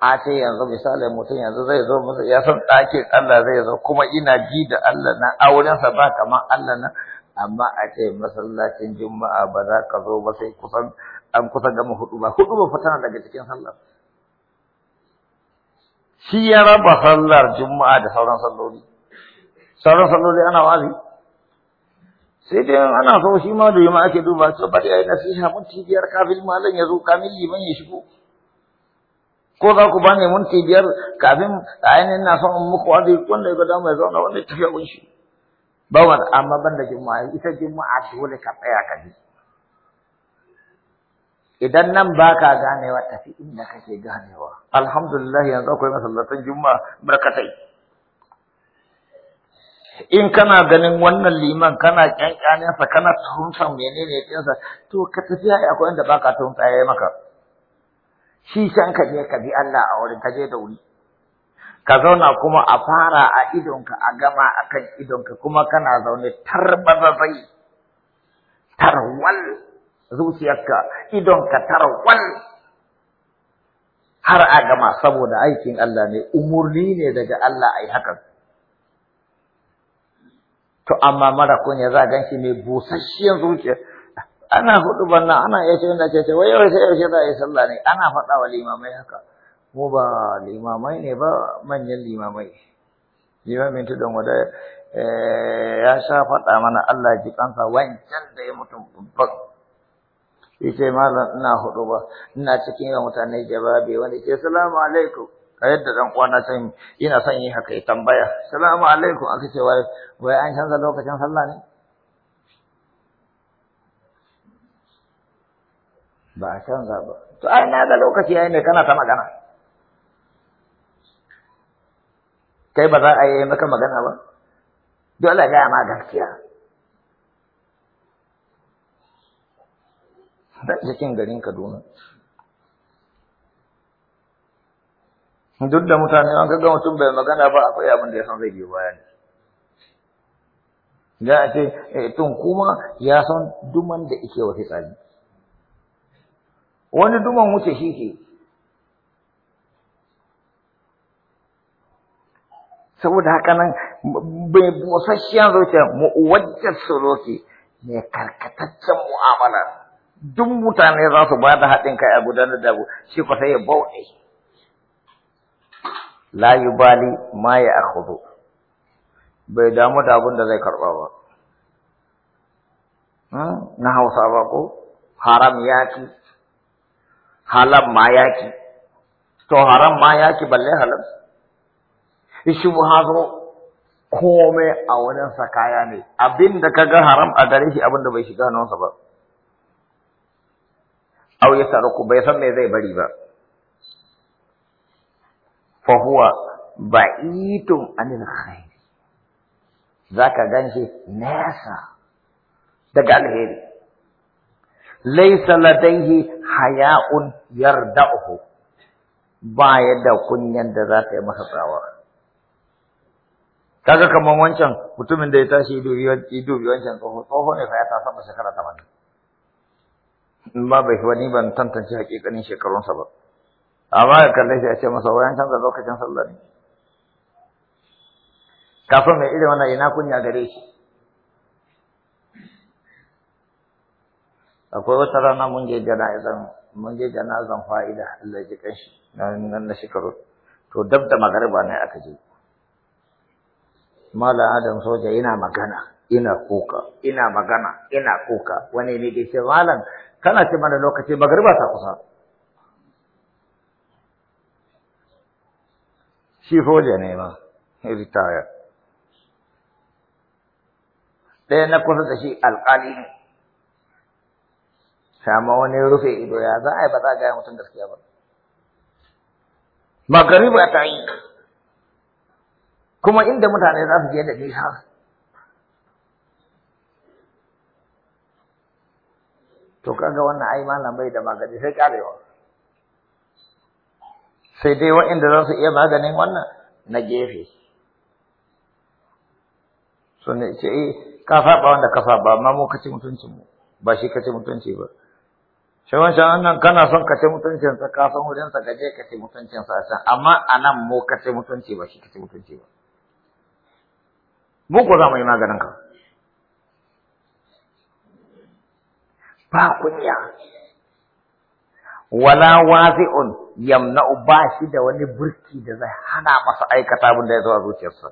a ce yanzu misali mutum yanzu zai zo musu ya san ɗakin Allah zai zo kuma ina ji da Allah na aurensa ba kamar Allah na amma a ce masallacin juma'a ba za ka zo ba sai kusan an kusa gama hudu ba hudu ba tana daga cikin sallah shi ya raba sallar juma'a da sauran salloli sauran salloli ana wazi sai dai ana so shi ma da yi ake duba to bari na nasiha minti biyar kafin malam ya zo kamil liman ya shigo ko za ku bani minti biyar kafin ainihin na son in muku wazi wanda ya gada mai zauna wanda ya tafiya kunshi ba wani amma ban da juma'a ita juma'a dole ka tsaya ka ji idan nan ba ka ganewa tafi inda kake ganewa alhamdulillah yanzu akwai masallatan juma'a barkatai in kana ganin wannan liman kana kyankyaninsa kana tuhumsan menene kinsa to ka tafi akwai inda baka tuhumsa yayi maka shi san ka je ka bi Allah a wurin ka je da wuri ka zauna kuma a fara a idonka a gama akan idonka kuma kana zaune tarbabai tarwal zuciyarka idon tara wal har a gama saboda aikin Allah ne umurni ne daga Allah ai hakan to amma mara kun za zaga shi mai busasshen zuciya ana hudu banna ana ya ce wanda ce ce wai yaushe yaushe za a yi sallah ne ana faɗa wa limamai haka mu ba limamai ne ba manyan limamai limamin tudun wada eh, ya sha faɗa mana Allah ji kansa wancan da ya mutum babban yace malam ina hudu ba ina cikin yawan mutane jawabi wani ce salamu alaikum a yadda dan kwana can ina son yi haka ya tambaya salamu alaikum aka ce wai wai an canza lokacin sallah ne ba a canza ba to ai na ga lokaci yayin ne kana ta magana kai ba za a yi maka magana ba dole ga ma gaskiya da cikin garin Kaduna duk da mutane an ga mutum bai magana ba akwai abin da ya san zai biyo baya ne da a ce eh, tun kuma ya san duman da ike wa fitsari wani duman wuce shi ke saboda haka nan bai busasshen zuciya mu'uwajjar suroki ne karkataccen mu'amala duk mutane za su ba da haɗin kai a gudanar da abu shi ko sai ya bauɗe la yubali ma ya akhudu bai damu da abin da zai karɓa ba hmm? na hausa ba ko haram ya ki, halam ma ya ki, to haram ma ya ki, balle halam. shi zo komai a wurinsa kaya ne abin da ka ga haram a gare shi abin da bai shiga hannunsa ba aure ya taru ku bai san me zai bari ba fa huwa ba'itum anil khair zaka ganshi nesa daga alheri laysa ladayhi haya'un yarda'uhu ba ya da kunyan da za ta yi masa tsawa. Kaga kaman wancan mutumin da ya tashi idubi wancan tsoho ne fa ya tasa ma shekara tamanin. ba bai wani ban tantance hakikanin shekarunsa ba amma ya kalle shi a ce masa wayan canza lokacin sallah ne kafin mai irin wannan ina kunya gare shi akwai wata rana mun je jana'izan mun je jana'izan fa'ida Allah ya kanshi nan na shekaru to dab da magariba ne aka je Malam Adam soja yana magana ina kuka ina magana ina kuka wani ne da ce malam kana ce mana lokaci magariba ta kusa shi foja ne ma ritaya ɗaya na kusa da shi alƙali ne sama wani rufe ido ya za a yi ba za a gaya mutum gaskiya ba magariba ta yi kuma inda mutane za su je da nisa to kaga wannan ai malam bai da magani sai karewa sai dai waɗanda za su iya maganin wannan na gefe so ne ce eh ka saba wanda ka saba amma mu kace mutuncin mu ba shi kace mutunci ba shawan shawan nan kana son kace mutuncin sa ka san wurin sa gaje kace mutuncin sa san amma anan mu kace mutunci ba shi kace mutunci ba mu ko za mu yi maganin ka ba kunya wala wazi'un yamna'u ba shi da wani burki da zai hana masa aikata abin da ya zo zuciyarsa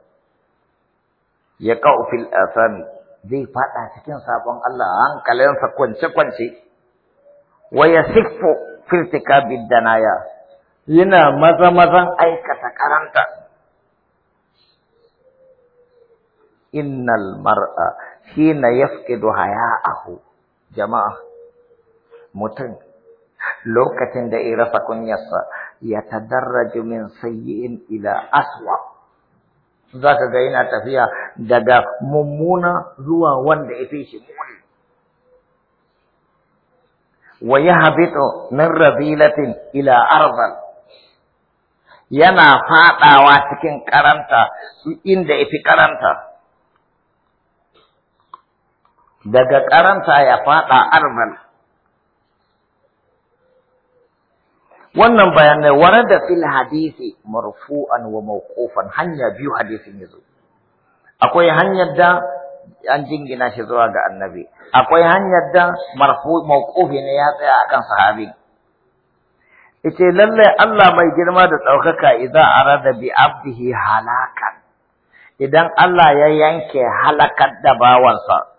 ya ka'u fil asan zai fada cikin sabon Allah hankalinsa kwance kwance wa yasifu fil tikabi danaya yana maza mazan aikata karanta innal mar'a hina yafqidu haya'ahu jama'a mutum lokacin da ya rasa kunyarsa ya tadarraju min sayyi'in ila aswa zaka ga yana tafiya daga mummuna zuwa wanda ya fi shi muni wa yahbitu min rabilatin ila arzal yana fadawa cikin karanta inda ya fi karanta daga karanta ya fada arzal wannan bayanai warada fil hadisi marfu'an wa mawqufan hanya biyu hadisin yazo akwai hanyar da an jingina shi zuwa ga annabi akwai hanyar da marfu mawqufi ne ya tsaya akan sahabi yace lalle Allah mai girma da daukaka idan arada bi abdihi halakan idan Allah ya yanke halakar da bawansa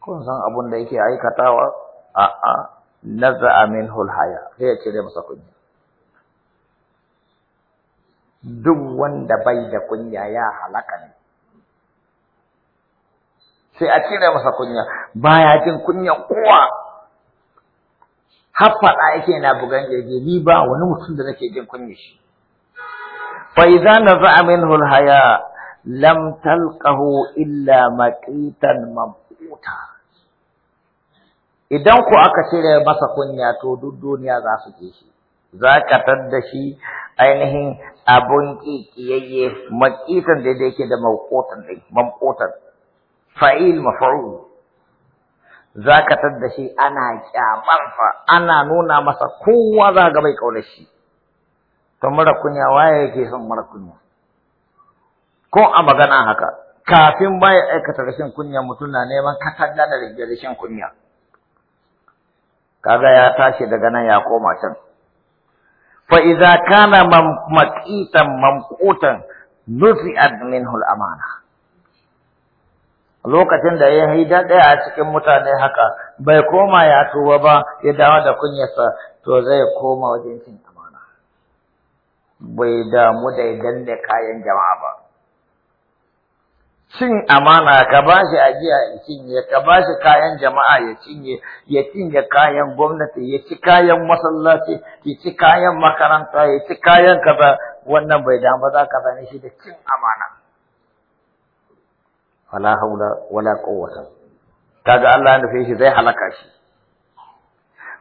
kun san abun da yake aikatawa a'a naza'a minhu al-haya sai ya cire masa kunya duk wanda bai da kunya ya halaka ne sai a cire masa kunya baya jin kunyan kowa har yake na bugan jirgi ni ba wani mutum da nake jin kunya shi fa idza za'a min al-haya lam talqahu illa maqitan mab idan ku aka cire masa kunya to duk duniya za su ke shi za ka tadda shi ainihin abun kikiyayye makitan da yake da mawkotan dai mamkotan fa'il maf'ul za ka tadda shi ana kyamar fa ana nuna masa kowa za ga bai kaunar shi to mara kunya waye yake son mara kunya ko a magana haka kafin baya aikata rashin kunya mutum na neman katanga da rashin kunya kaga ya tashi daga nan ya koma can fa idza kana mamqitan mamqutan nuzi'at minhu al-amana lokacin da ya haida daya a cikin mutane haka bai koma ya tuba ba ya dawo da kunyarsa to zai koma wajen cin amana bai damu da idan da kayan jama'a ba cin amana ka ba shi ajiya ya cinye ka ba shi kayan jama'a ya cinye ya cinye kayan gwamnati ya ci kayan masallaci ya ci kayan makaranta ya ci kayan kaza wannan bai damu za ka sani shi da cin amana wala haula wala quwwata kaga Allah ya nufe shi zai halaka shi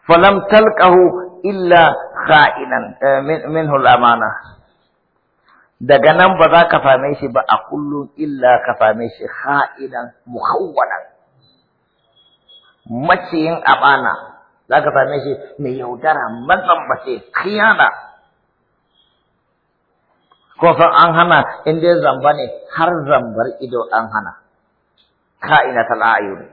falam talqahu illa kha'inan eh, minhu al-amana daga nan ba za ka same shi ba a kullum illa ka same shi ha'idan muhawwanan maciyin abana za ka fame shi mai yaudara mazambace kiyana ko an hana in dai zamba ne har zambar ido an hana ka'ina ta la'ayuni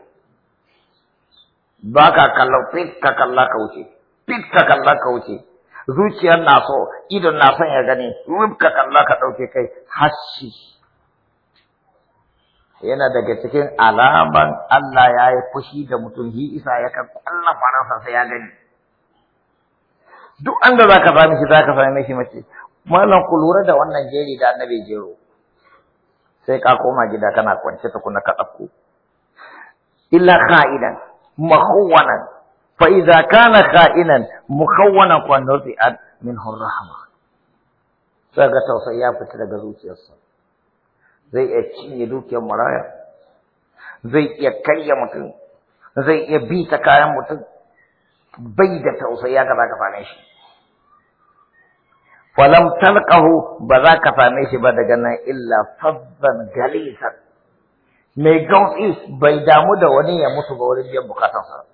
ba ka kalla fit ka kalla ka wuce fit ka kalla ka wuce zuciyar na so idon na son ya gani rubka kalla ka ɗauke kai hashi yana daga cikin alaman Allah ya yi fushi da mutum yi isa ya kan kwallon faransa sai ya gani duk an da zaka sami shi zaka sami shi mace malam ku lura da wannan jeri da annabi jero sai ka koma gida kana kwance ta kuna ka ɗauko illa ka'idan mahwanan فإذا كان خائنا مخونا ونرئت منه الرحمة سأغا توصيا فتلا قدوسي الصلاة زي أتشين يدوك يا مرايا زي يكري مطل زي يبيت كايا مطل بيدة توصيا كذا كفانيش فلم تلقه بذا كفانيش بعد جنة إلا فضا جليسا ميجوتيس بيدامو دوني يموت بوريد يبقى تنصر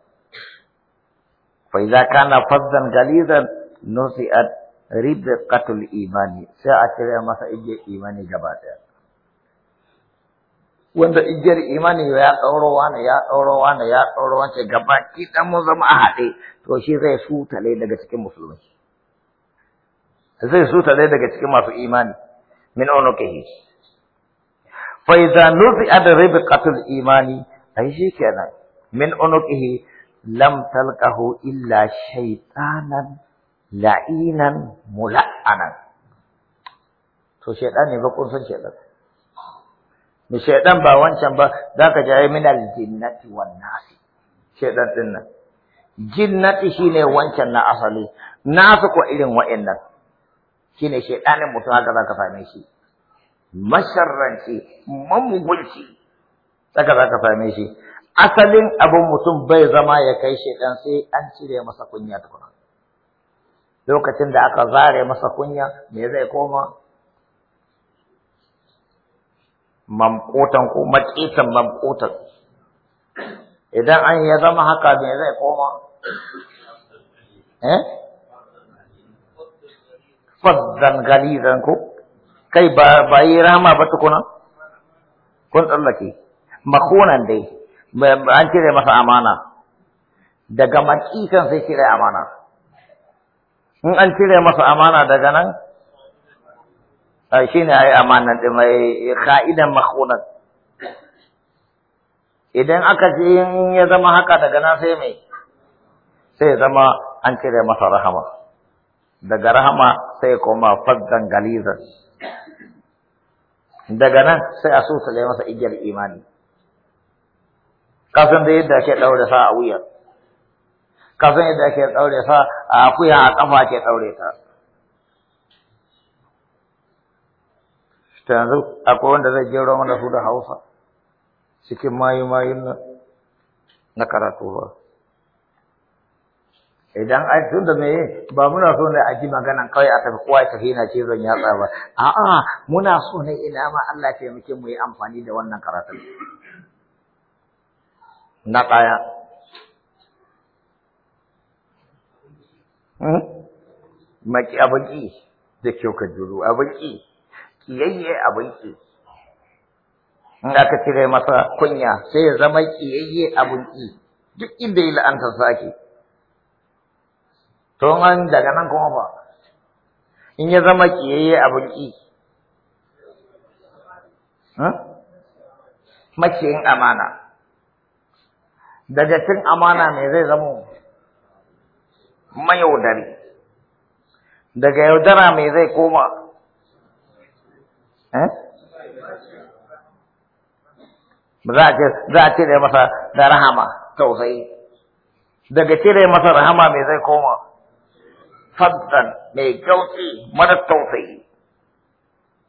فإذا كان فظا غليظا نزئت ربقة الإيمان سأترى مسا إجي إيماني جباتا wanda igiyar imani ya ɗauro wani ya ɗauro wani ya ɗauro wani gaba ki dan mun zama a haɗe to shi zai sutale daga cikin musulmi zai sutale daga cikin masu imani min unukihi fa idza nuzi ad ribqatul imani ai shi kenan min unukihi lam talqahu illa shaytanan la'inan mula'anan to shaiɗan ne ba kun san shaytan mi shaytan ba wancan ba zaka ji ai minal jinnati wan nasi shaytan din nan jinnati shine wancan na asali nasu ko irin wa'annan shine shaytanin mutum haka zaka same shi masharranci mamugunci haka zaka same shi asalin abin mutum bai zama ya kai shaidan sai an cire masa kunya tukuna lokacin da aka zare masa kunya me zai koma mamkotan ko mamkotan idan an ya zama haka me zai koma eh faddan galizan ko kai ba ba yi rama ba tukuna kun tsallake makonan dai an cire masa amana daga makikan sai cire amana in an cire masa amana daga nan shi ne a yi amana da mai ka'idan makonan idan aka ce in ya zama haka daga nan sai mai sai zama an cire masa rahama daga rahama sai koma faggan galizar, daga nan sai a susule masa igiyar imani kasan da yadda ake ɗaure sa a wuyar kasan yadda ake ɗaure sa a akuya a ƙafa ake ɗaure ta ta yanzu akwai wanda zai gero mana su da hausa cikin mayu-mayun na karatu ba idan a tun da me ba muna so ne a ji maganan kawai a tafi kowa ya tafi yana ce zan yatsa ba a'a muna so ne ina ma Allah ya taimake mu yi amfani da wannan karatun na ɗaya. Hmm? Maki abin ƙi da kyau ka juru abin ƙi, ƙiyayye abin ƙi. In hmm? aka cire masa kunya sai ya zama ƙiyayye abin ƙi, duk inda yi la'antar sake. To an daga nan kuma ba, in ya zama ƙiyayye abin ƙi. Hmm? Maciyin amana. daga cin amana me zai zamo mayaudari daga yaudara me zai koma eh? za a cire masa da rahama tausayi daga cire masa rahama me zai koma fadzan mai kyauti mara tausayi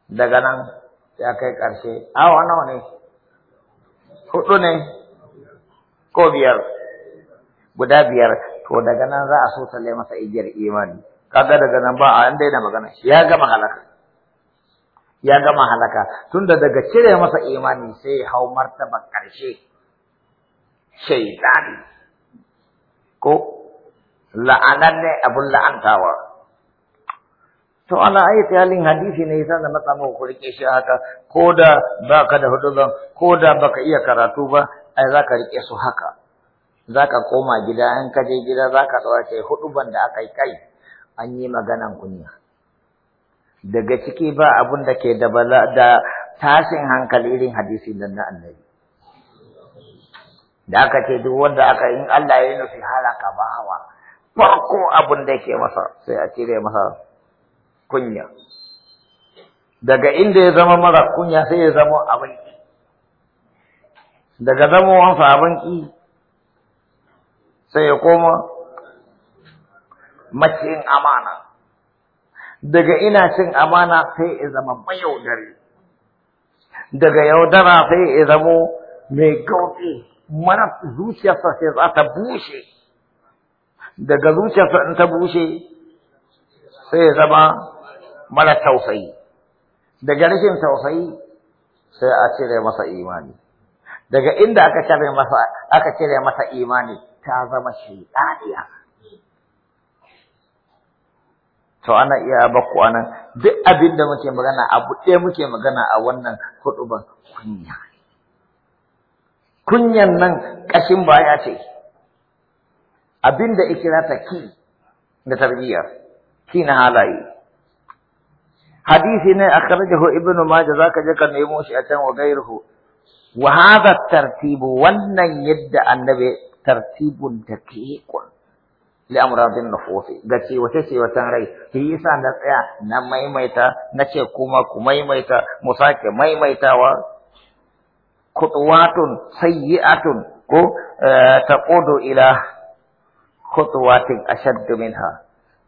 daga nan ya kai ƙarshe awa nawa ne hudu ne ko biyar guda biyar to daga nan za a so sale masa igiyar imani kaga daga nan ba a an daina magana ya gama halaka ya gama halaka tunda daga cire masa imani sai hau martaba karshe shaitani ko la'ananne abun la'antawa To ala ayati halin hadisi ne yasa da matsa muku rike shi haka ko da baka da huduban ko da baka iya karatu ba ai za ka riƙe su haka za ka koma gida in ka je gida za ka tsawace hudu ban da aka yi kai an yi maganan kunya daga ciki ba abun da ke da bala da tashin hankali irin hadisi da na annabi da aka ce duk wanda aka in Allah ya nufi halaka ba hawa farko abun da yake masa sai a cire masa kunya daga inda ya zama mara kunya sai ya zama abin daga zamowan sabon ki sai ya koma macin amana daga ina cin amana sai ya zama mayaudari daga yaudara sai ya zamo mai gauɗe mara zuciyarsa sai za ta bushe daga zuciyarsa in ta bushe sai ya zama mara tausayi daga rashin tausayi sai a cire masa imani daga inda aka cire masa aka cire masa imani ta zama shaytaniya to ana iya bakku anan duk abin da muke magana abu ɗaya muke magana a wannan kuɗuban kunya kunyan nan ƙashin baya ce abin da ikira ta ki da tarbiyya ki na halaye hadisi ne akhrajahu ibnu majah zaka je ka nemo shi a can wa gairuhu wa hadha tartibu wannan yadda annabi tartibun dakiqun li amradin nufusi ga ce wace ce wata rai shi yasa na tsaya na maimaita na ce kuma ku maimaita mu sake maimaitawa kutuwatun sayyi'atun ko taqudu ila kutuwatin ashaddu minha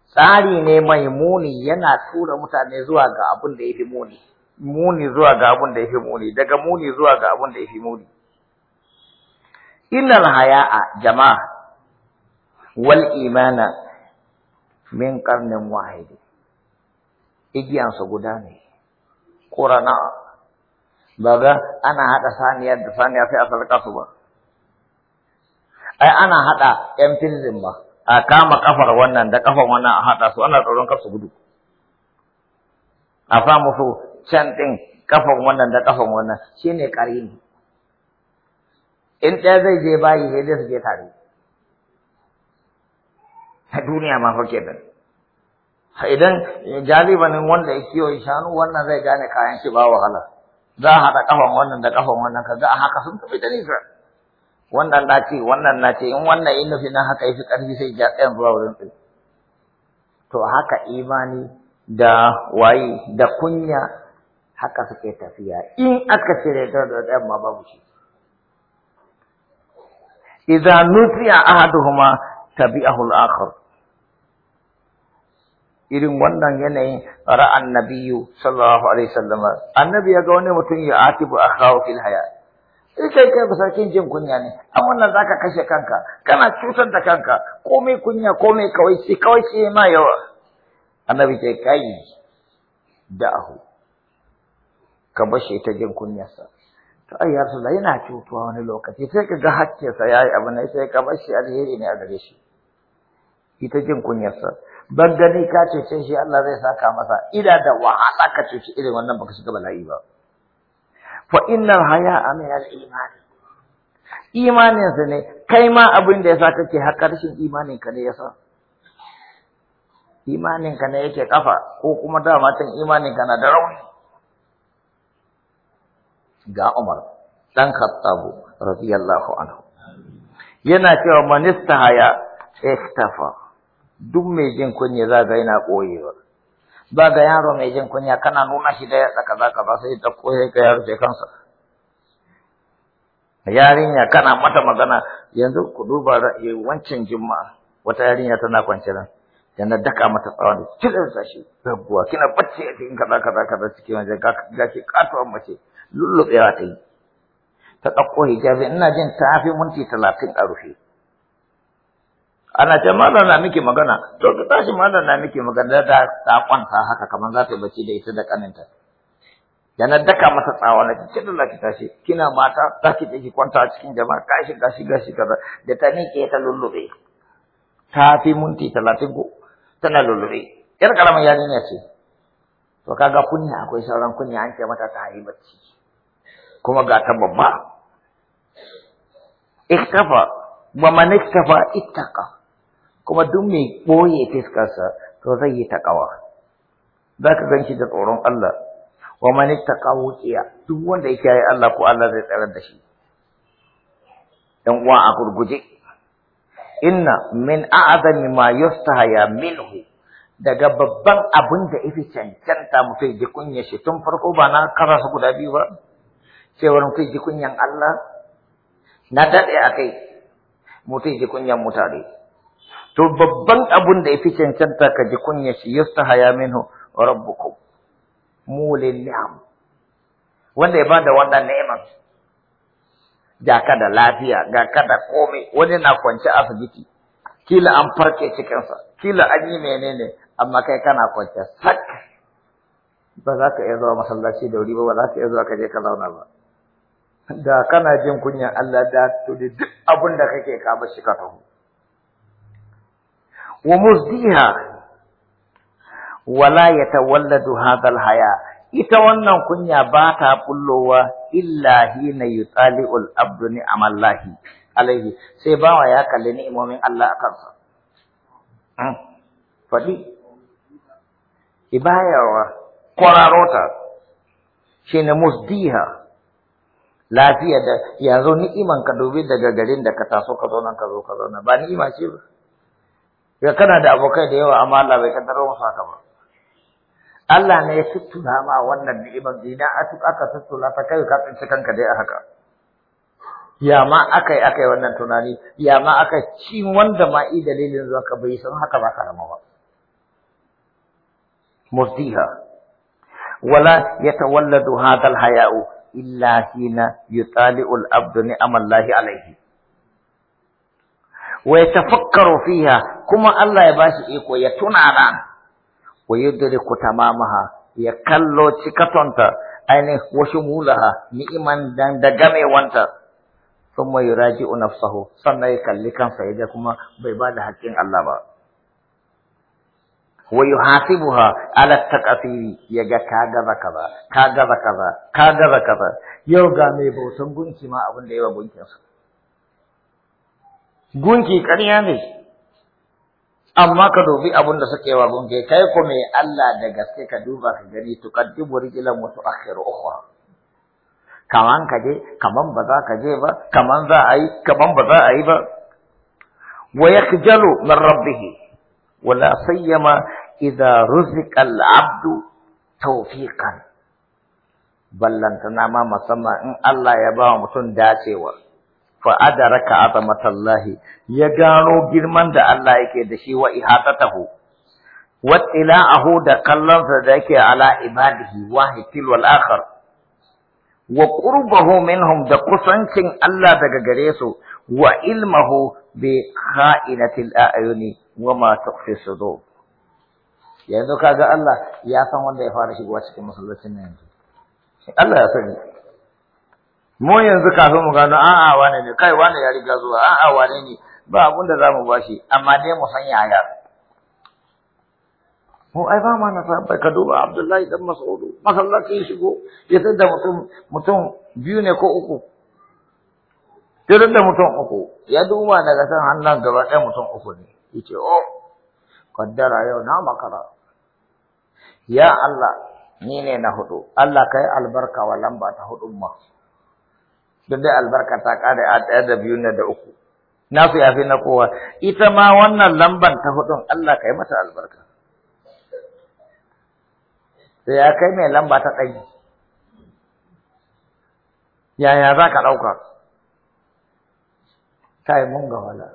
tsari ne mai muni yana tura mutane zuwa ga abin da yafi muni muni zuwa ga abun da yafi muni daga muni zuwa ga abun da yafi muni innal haya'a jama'a wal imana min qarnin wahidi igiyan su guda ne qurana baga ana hada saniya da saniya sai a sarka su ba ai ana hada yan filin ba a kama kafar wannan da kafar wannan a hada su ana tsoron kar gudu a sa musu can ɗin kafan wannan da kafan wannan shine ne in ɗaya zai je bayi sai dai su je tare ta duniya ma fa kenan idan jalibanin wanda ya kiwon shanu wannan zai gane kayan shi ba wahala za a haɗa kafan wannan da kafan wannan ka, za a haka sun tafi da nisa wannan na ce wannan na ce in wannan in nufi na haka yafi ƙarfi sai ja tsayan zuwa wurin tsaye to haka imani da waye da kunya haka suke tafiya in aka cire ta da ɗayan ma babu shi idza nufiya ahaduhuma tabi'ahu al-akhar irin wannan yanayin ra'an annabiyyu sallallahu alaihi wasallam annabi ya ga wani mutum ya atibu akhahu fil haya sai kai kai jin kunya ne an wannan zaka kashe kanka kana cutar da kanka komai kunya komai kawai shi kawai shi ma yawa annabi ce kai da'ahu ka bashi ta jin kunyarsa to ai ya rasu yana cutuwa wani lokaci sai ka ga hakkinsa ya yi abu ne sai ka bashi alheri ne a gare shi ita jin kunyarsa ban gani ka cece shi Allah zai saka masa ida da wahala ka cece irin wannan baka shiga bala'i ba fa innal haya min al iman imaninsa ne kai ma abin da yasa kake har rashin imanin ka ne yasa imanin ka ne yake kafa ko kuma dama can imanin ka na da rauni ga Umar dan Khattab radiyallahu anhu yana cewa manista haya ikhtafa duk mai jin kunya za ga yana koyewa ba ga yaro mai jin kunya kana nuna shi da yadda kaza zaka sai ta koye ka yaro sai kansa yarinya kana mata magana yanzu ku duba wancan juma'a wata yarinya tana kwanciyar yana daka mata tsawon da cikin sashi rabuwa, kina bacci a cikin kaza kaza kaza cikin waje ga shi katuwa mace lullubewa ta yi ta ɗauko hijabi ina jin ta fi minti talatin a rufe ana ce malam na miki magana to ka tashi malam na miki magana da ta kwanta haka kamar za ta bacci da ita da kaninta yana daka mata tsawon da cikin da tashi kina mata za ki ki kwanta a cikin jama'a gashi gashi gashi kaza da ta miƙe ta lullube ta fi minti talatin ko tana lullube. yar karamar yarinya ce to kaga kunya akwai sauran kunya an ce mata ta yi bacci kuma ga ta babba Ikafa, wa man ikafa ittaqa kuma duk mai boye fiskarsa to zai yi takawa zaka gan shi da tsoron Allah wa man ittaqa wuciya duk wanda yake yi Allah ko Allah zai tsara da shi dan uwa a gurguje inna min a'zami ma yustahaya minhu daga babban abin da yake cancanta mutum ji kunya shi tun farko ba na karasa guda biyu ba cewar mutum ji kunyan Allah na dade a kai mutum ji kunyan mutare to babban abin da yake cancanta ka ji kunya shi yustahaya minhu rabbukum mulil ni'am wanda ya bada wannan ni'imar ga ka da lafiya ga ka da komai wani na kwance asibiti kila an farke cikinsa kila an yi menene amma kai kana kwance sak ba za ka iya zuwa masallaci da wuri ba ba za ka iya zuwa ka je ka zauna ba da kana jin kunyan Allah da to duk abin da kake ka ba shi ka taho wa muzdiha wala yatawalladu hadha alhaya ita wannan kunya ba ta bullowa illa hina ul abdu ni'amallahi alaihi sai bawa ya kalli ni'imomin Allah a kansa hmm. faɗi ibayawa kwararota shi ne musdiha lafiya da yanzu ni'iman ka dubi daga garin da ka taso ka zauna ka zo ka zauna ba ni'ima ce ba ya kana da abokai da yawa amma Allah bai kaddaro musu haka ba Allah ne ya suttura ma wannan ni'imar idan a tuka aka suttura ta kai ka tsinci kanka dai a haka ya ma aka yi aka yi wannan tunani ya ma aka ci wanda ma i dalilin zuwa ka bai san haka ba ka rama ba musdiha wala yatawalladu hadha haya'u illa hina yutali'u al-abdu ni'amallahi alayhi wa yatafakkaru fiha kuma Allah ya bashi iko ya tuna wa yudriku tamamaha ya kallo cikatonta ainihin wasu shumulaha ni'iman dan da gamewanta thumma yuraji'u nafsahu sannan ya kalli kansa ya kuma bai ba da haƙƙin Allah ba wa yuhasibuha ala taqasiri ya ga ka gaza kaza ka gaza kaza ka gaza kaza yau ga mai bautan gunki ma abin da yawa gunkinsa gunki ƙarya ne amma ka dubi abin da suke wa gunge kai ko me Allah da gaske ka duba ka gani tuqaddimu rijlan wa tu'akhiru ukhra kaman ka je kaman ba za ka je ba kaman za a yi kaman ba za a yi ba wa yakhjalu min rabbih wa la sayyama idza ruziqa al-'abdu tawfiqan ballantana ma musamman in Allah ya ba mutum dacewa fa adraka azamatallahi ya gano girman da Allah yake da shi wa ihatatahu wa tilaahu da kallonsa da yake ala ibadihi wahidil wal akhar wa qurbahu minhum da kusancin Allah daga gare su wa ilmahu bi kha'inatil a'yuni wa ma tukhfi sudur yanzu kaga Allah ya san wanda ya fara shigowa cikin masallacin nan yanzu Allah ya sani mu yanzu kafin mu gano a'a wane ne kai wane ya riga zuwa a'a wane ne ba abun da zamu bashi amma dai mu san yaya mu ai ba ma na sahabbai ka duba Abdullahi dan Mas'ud masallaci ya shigo ya tada mutum mutum biyu ne ko uku Irin tada mutum uku ya duba daga san hannun gaba ɗaya mutum uku ne yace oh kaddara yau na makara ya Allah ni ne na hudu Allah kai albarka wa lamba ta hudun ma duk dai albarka ta ƙara a ɗaya da biyu na da uku na su yafi na kowa ita ma wannan lamban ta hudun Allah kai mata albarka sai ya kai mai lamba ta ɗai yaya za ka ɗauka kai mun ga wala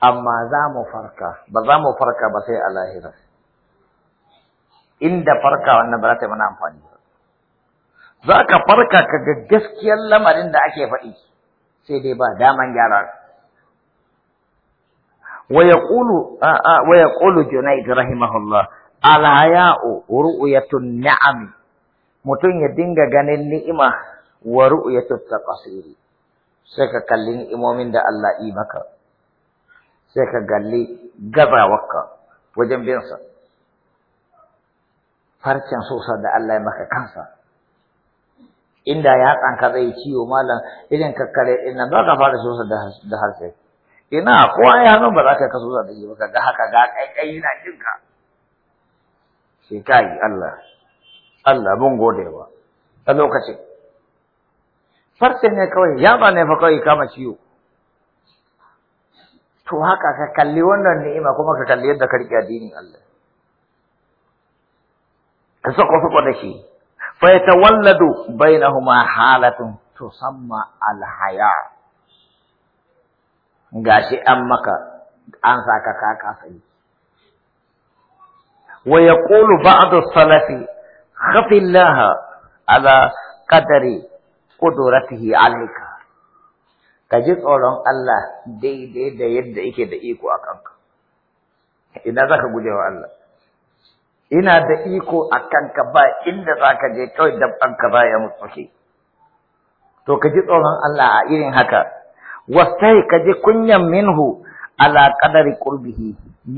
amma za mu farka ba za mu farka ba sai a lahira inda farka wannan ba za ta yi mana amfani ba za ka farka ka ga gaskiyar lamarin da ake faɗi sai dai ba daman gyara wa yaqulu wa junaid junayd rahimahullah al haya'u ru'yatun ni'am mutum ya dinga ganin ni'ima wa ru'yatut taqsiri sai ka kalli ni'imomin da Allah yi maka sai ka galli gazawarka wajen bin sa farcen sosa da Allah ya maka kansa inda ya tsanka zai ciwo malam irin kakkare ina ba ka fara sa da harshe ina kowa ya hannun ba za ka kaso da yi ba ka ga haka ga kai yana jin ka sai kai Allah Allah mun gode wa a lokacin farce ne kawai ya ba ne fa kawai kama ciwo to haka ka kalli wannan ni'ima kuma ka kalli yadda ka riƙe addinin Allah ka sako sako da shi فيتولد بينهما حالة تسمى الحياة gashi an maka an saka ka kasai wa yaqulu ba'du salafi khafi Allah ala qadari qudratihi Ka kaji tsoron Allah daidai da yadda yake da iko akan ka ina zaka gujewa Allah ina da iko a kanka ba inda za ka je kawai dabban ba ya mutu to ka ji tsoron Allah a irin haka wasai ka ji kunyan minhu ala qadari qurbihi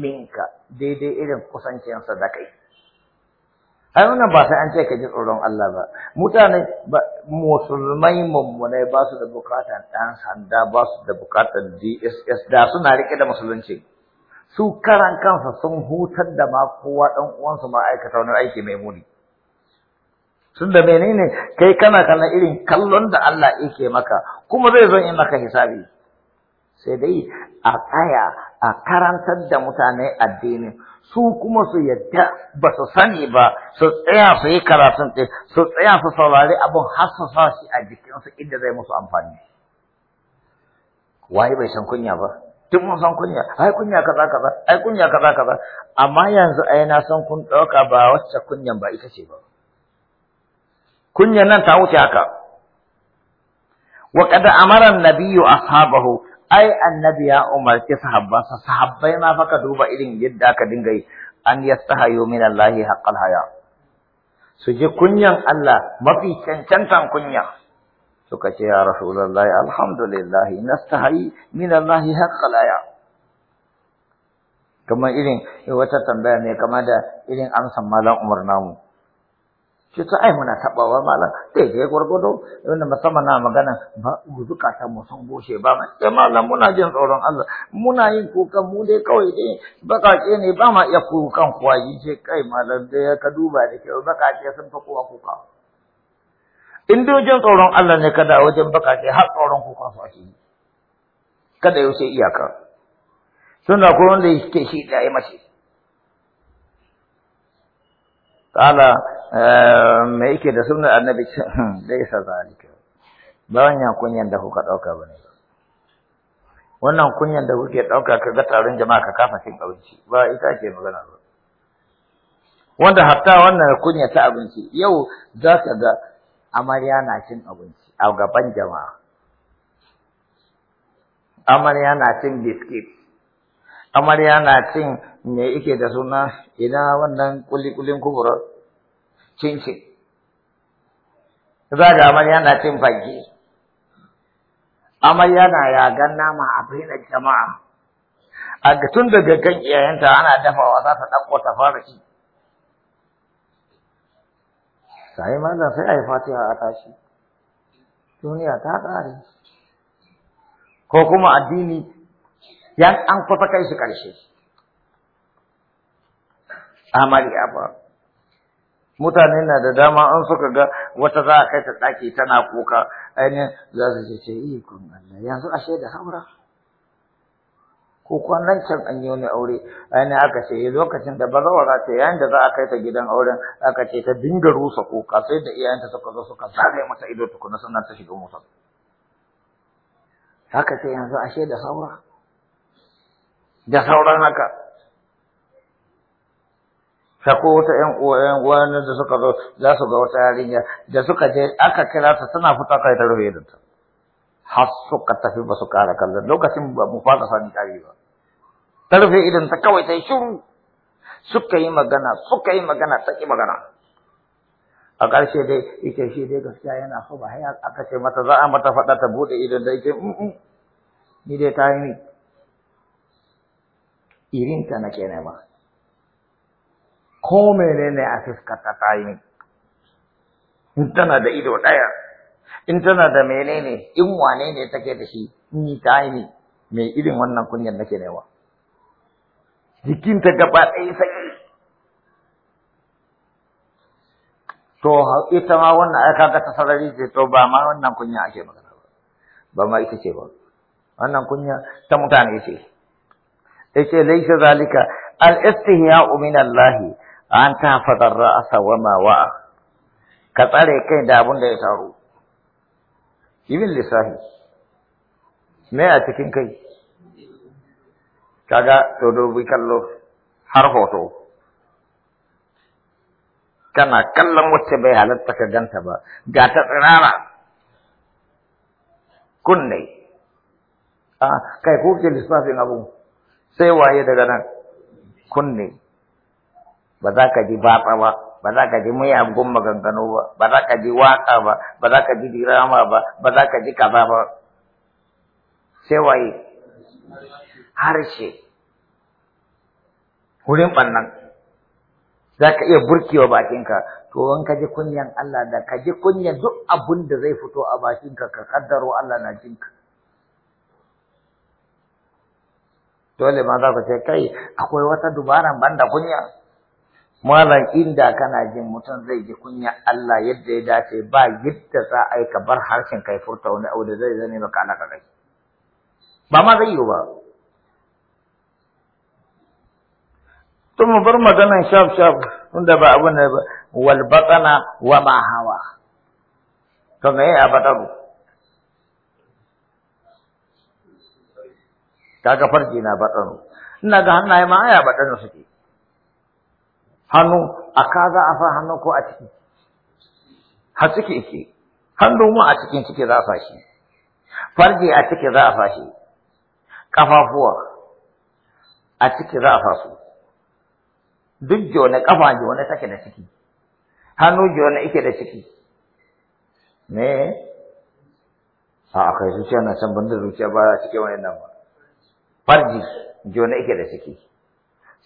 minka daidai irin kusancinsa da kai ai wannan ba sai an ce ka ji tsoron Allah ba mutane musulmai mummunai ba su da bukatan ɗan sanda ba su da bukatan DSS da suna riƙe da musulunci su karan kansa sun hutar da ma kowa ɗan uwansu ma aikata wani aiki mai muni sun da menene kai kana kana irin kallon da Allah yake maka kuma zai zo yi maka hisabi sai dai a tsaya a karantar da mutane addinin su kuma su yadda ba su sani ba su tsaya su yi karatun ɗin su tsaya su saurari abun har shi a jikinsu inda zai musu amfani waye bai san kunya ba duk mun san kunya ai kunya kaza kaza ai kunya kaza kaza amma yanzu ai na san kun dauka ba wacce kunyan ba ita ce ba kunyan nan ta wuce haka wa qad amara an-nabiyyu ashabahu ai annabi ya umarci sahabbansa sahabbai ma fa ka duba irin yadda aka dinga yi an yastahayu min Allah haqqal haya su ji kunyan Allah mafi cancantan kunya suka ce ya rasulullahi alhamdulillah nastahi min Allah haqqal aya kamar irin eh, wata tambaya ne kama da irin amsan malam Umar namu shi ta ai muna tabawa malam dai dai gurgudo wannan musamman na magana ba zukata mu sun goshe ba ma sai eh, malam muna jin tsoron Allah muna yin kuka mu dai kawai dai bakake ne ba ma iya kuwa kwaji ce kai malam dai ka duba da kyau bakake sun fa kuka in wajen tsoron Allah ne kada wajen baka ke har tsoron kukan su ake yi kada yau sai iyaka suna ko wanda yake shi da ya mace kala eh, me yake da sunan annabi dai sa zalika ba wannan kunyan da kuka dauka bane wannan kunyan da kuke dauka kaga taron jama'a ka kafa cin abinci ba ita ce magana ba wanda hatta wannan kunya ta abinci yau za ka ga amarya na cin abinci a gaban jama'a amarya na cin biskit amarya na cin me yake da suna ina wannan kulikulin kubura cincin za ga amarya na cin fage. amarya na yagan nama a finar jama'a a tun daga kan iyayenta ana dafawa za ta ɗauko ta fara ci sai malam sai a yi fatiha a tashi duniya ta ƙare ko kuma addini yan an kusa kai shi ƙarshe amari ba mutane na da dama an suka ga wata za a kai ta tsaki tana kuka ainihin za su ce ce kun Allah yanzu ashe da haura ko kwanan can an yi wani aure ayani aka ce eh, lokacin da bazawara ce yayin da za a kai ta gidan auren aka ce ta dinga rusa kuka sai da iyayenta suka zo suka zagaye mata ido tukuna sannan ta shiga musa haka ce yanzu ashe da saura da sauran haka ko wata ƴan wani da suka zo za su ga wata yarinya da suka je aka kira ta tana fita kai ta rufe da ta har suka tafi ba su kara kallon lokacin ba mu fara sani kare ba ta rufe idan ta kawai ta yi shiru suka yi magana suka yi magana ta magana a ƙarshe dai ita shi dai gaskiya yana so ba haya aka ce mata za a ah, mata faɗa ta buɗe idan da ita mm, mm. ni dai ta yi ni irinta na kenan ba. ko menene a fuskata ta yi ni tana da ido ɗaya in tana da menene in wane ne take da shi ni ta ne Me irin wannan kunyar nake da yawa jikinta gaba ɗaya sai to ita ma wannan ai kaga ta sarari ce to ba ma wannan kunya ake magana ba ba ma ita ce ba wannan kunya ta mutane ce yace laisa zalika al istihya'u min Allah an fadar ra'sa wa ma wa ka tsare kai da abin da ya taru Ibin lissafi, me a cikin kai, kaga to dubi kallo har hoto. Kana kallon wacce bai halatta ka ganta ba, ga ta tsirara, kunne, a kai kuke lissafin abu, sai waye daga nan kunne, ba za ka ji batsa ba. ba za ka ji mayagun maganganu ba ba za ka ji waka ba ba za ka ji dirama ba ba za ka ji kaza ba sai waye harshe wurin ɓannan za ka iya burkewa bakinka to in ka ji kunyan Allah da ka ji kunyan duk abun da zai fito a bakinka ka kaddaro Allah na jinka dole ma za ku ce kai akwai wata dubaran banda kunya malam inda kana jin mutum zai ji kunya Allah yadda ya dace ba yadda za a yi ka bar harshen kai furta wani abu da zai zane maka alaka kai ba ma zai yi ba Tun mu bar maganan shaf shaf tunda ba abu ne ba wal batana wa ma hawa to me ya bataru ga farji na batsano. ina ga hannaye ma aya batsano suke hannu a ka za a sa hannu ko a ciki har ciki yake hannu mu a cikin ciki za a sa shi farji a ciki za a sa shi a ciki za a sa su duk kafa ƙafa wani take da ciki hannu wani ike da ciki me a kai zuciya na can bandar zuciya ba cikin wani nan ba farji wani ike da ciki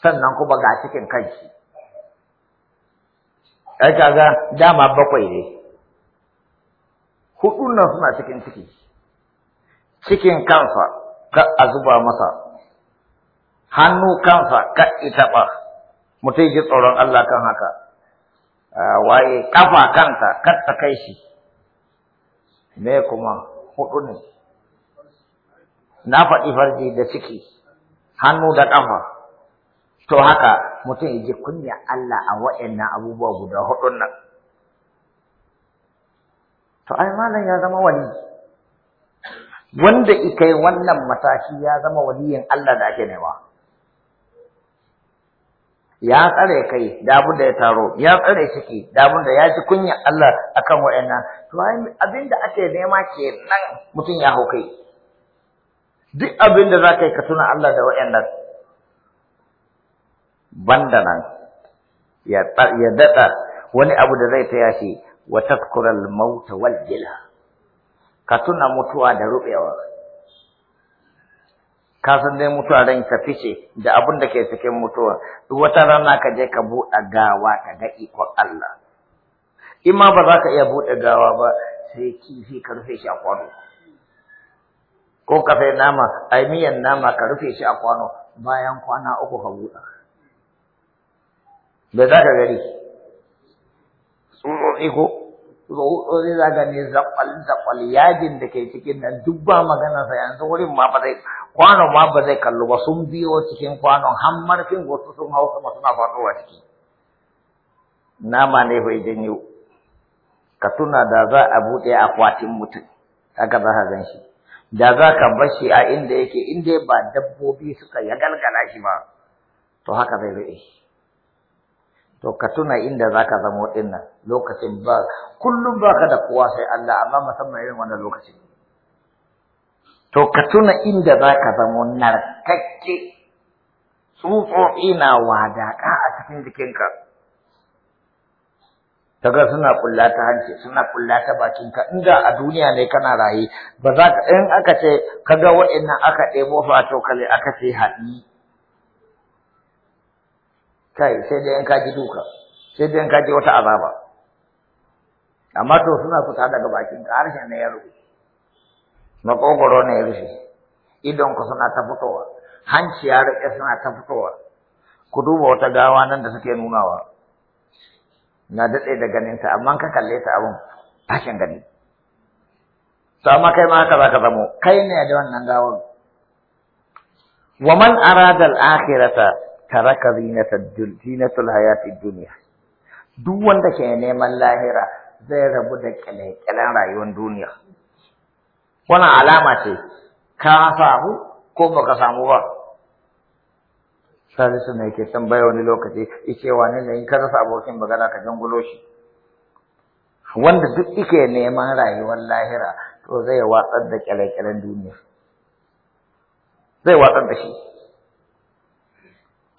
sannan kuma ga cikin kanki ai kaga dama bakwai ne hudun nan suna cikin ciki cikin kansa ka a zuba masa hannu kansa ka itaba mutai ji tsoron Allah kan haka waye kafa kanta ka takai shi me kuma hudun ne na faɗi farji da ciki hannu da kafa To haka mutum ya ji kunya Allah a wa'annan abubuwa guda hudun nan. To ai malam ya zama wali. Wanda ika yi wannan mataki ya zama waliyin Allah da ake nema. Ya tsare kai da da ya taro, ya tsare ciki da da ya ji kunya Allah akan wa'annan. To abin da ake nema kenan mutum ya hau kai. Duk abin da za ka yi ka tuna Allah da wa'annan. banda nan ya ya wani abu da zai taya shi wa tadhkural maut wal ka tuna mutuwa da ruɓewa. ka san dai mutuwa ran ka fice da abin da ke cikin mutuwa wata rana ka je ka buɗe gawa ka ga ikon Allah in ma ba za ka iya buɗe gawa ba sai kifi ka rufe shi a kwano ko ka nama ai miyan nama ka rufe shi a kwano bayan kwana uku ka buɗa da za ka gari tsutsotsi ko tsutsotsi za ka ne zakwal yajin da ke cikin nan duk ba magana sa yanzu wurin ma ba zai kwano ma ba zai kallo ba sun biyo cikin kwanon har marfin wasu sun hau sama suna faruwa ciki nama ne bai janyo ka tuna da za a buɗe akwatin mutum haka za ka gan shi da za ka bar shi a inda yake inda ba dabbobi suka ya galgala shi ba to haka zai rufe shi to ka tuna inda zaka zamo din lokacin ba kullum baka da kowa sai Allah amma musamman irin wannan lokacin to ka tuna inda zaka zama narkakke tsutsotsi na wadaƙa a cikin jikinka Daga suna kulla ta hanci suna kulla ta bakinka inda a duniya ne kana raye ba za ka in aka ce kaga waɗannan aka ɗebo fa kale aka ce haɗi kai sai dai in ka ji duka sai dai in ka ji wata azaba amma to suna fita daga bakin ka harshen ne ya rufe makogoro ne ya rufe idon ku suna ta fitowa hanci ya rike suna ta fitowa ku duba wata gawa nan da suke nunawa na daɗe da ganinta amma ka kalle ta abun tashin gani to amma kai ma haka za ka zamo kai ne da wannan gawar wa man arada al-akhirata taraka zinatul hayati duniya duk wanda ke neman lahira zai rabu da kyalekyalen rayuwar duniya wannan alama ce ka samu ko baka samu ba salisu ne ke tambaya wani lokaci ice wani ne in ka rasa abokin magana ka jangulo shi wanda duk ike neman rayuwar lahira to zai watsar da kyalekyalen duniya zai watsar da shi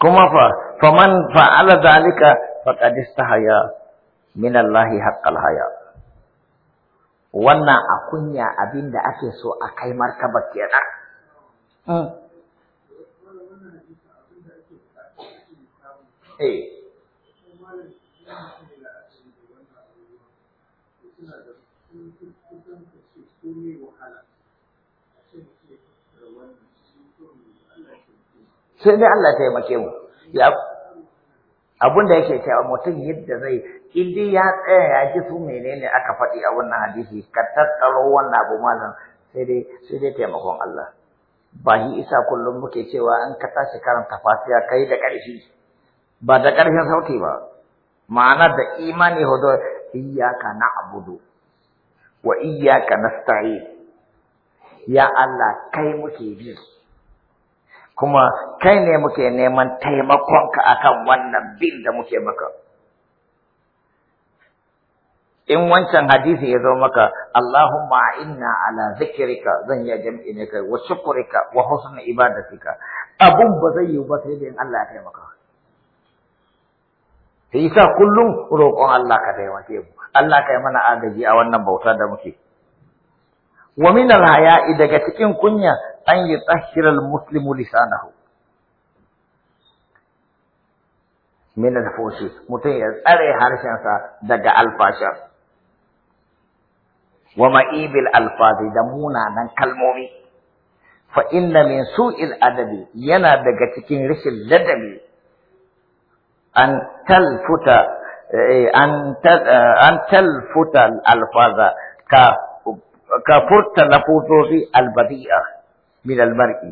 kuma fa faman fa'ala zalika faqad istahaya min Allah haqqal haya wannan a kunya abinda ake so a kai martaba kenan hmm. eh sai dai Allah taimake mu ya abun da yake cewa mutum yadda zai indi ya tsaya ya ji su menene aka faɗi a wannan hadisi ka tattaro wannan abu malam sai dai sai dai taimakon Allah ba shi isa kullum muke cewa an ka tashi karanta fatiha kai da ƙarfi ba da ƙarfin sauti ba ma'ana da imani hudu iyyaka abudu, wa iyyaka nasta'in ya Allah kai muke bi kuma kai ne muke neman taimakonka akan wannan bin da muke maka in wancan hadisi ya zo maka Allahumma inna ala zikrika zan ya jam'i ne kai wa shukrika wa husna ibadatika abun ba zai yi ba sai da in Allah ya taimaka sai yasa kullum roƙon Allah ka taimake mu Allah kai mana agaji a wannan bauta da muke wa min al daga cikin kunya أن يطهر المسلم لسانه من الفوش متين يزأري هرشنسا دقا الفاشا إيب الألفاظ دمونا من كالمومي فإن من سوء الأدب ينا دقا تكين رش لدبي أن تلفت أن أن تلفت الألفاظ كفرت لفوتوزي البديئة min almar'i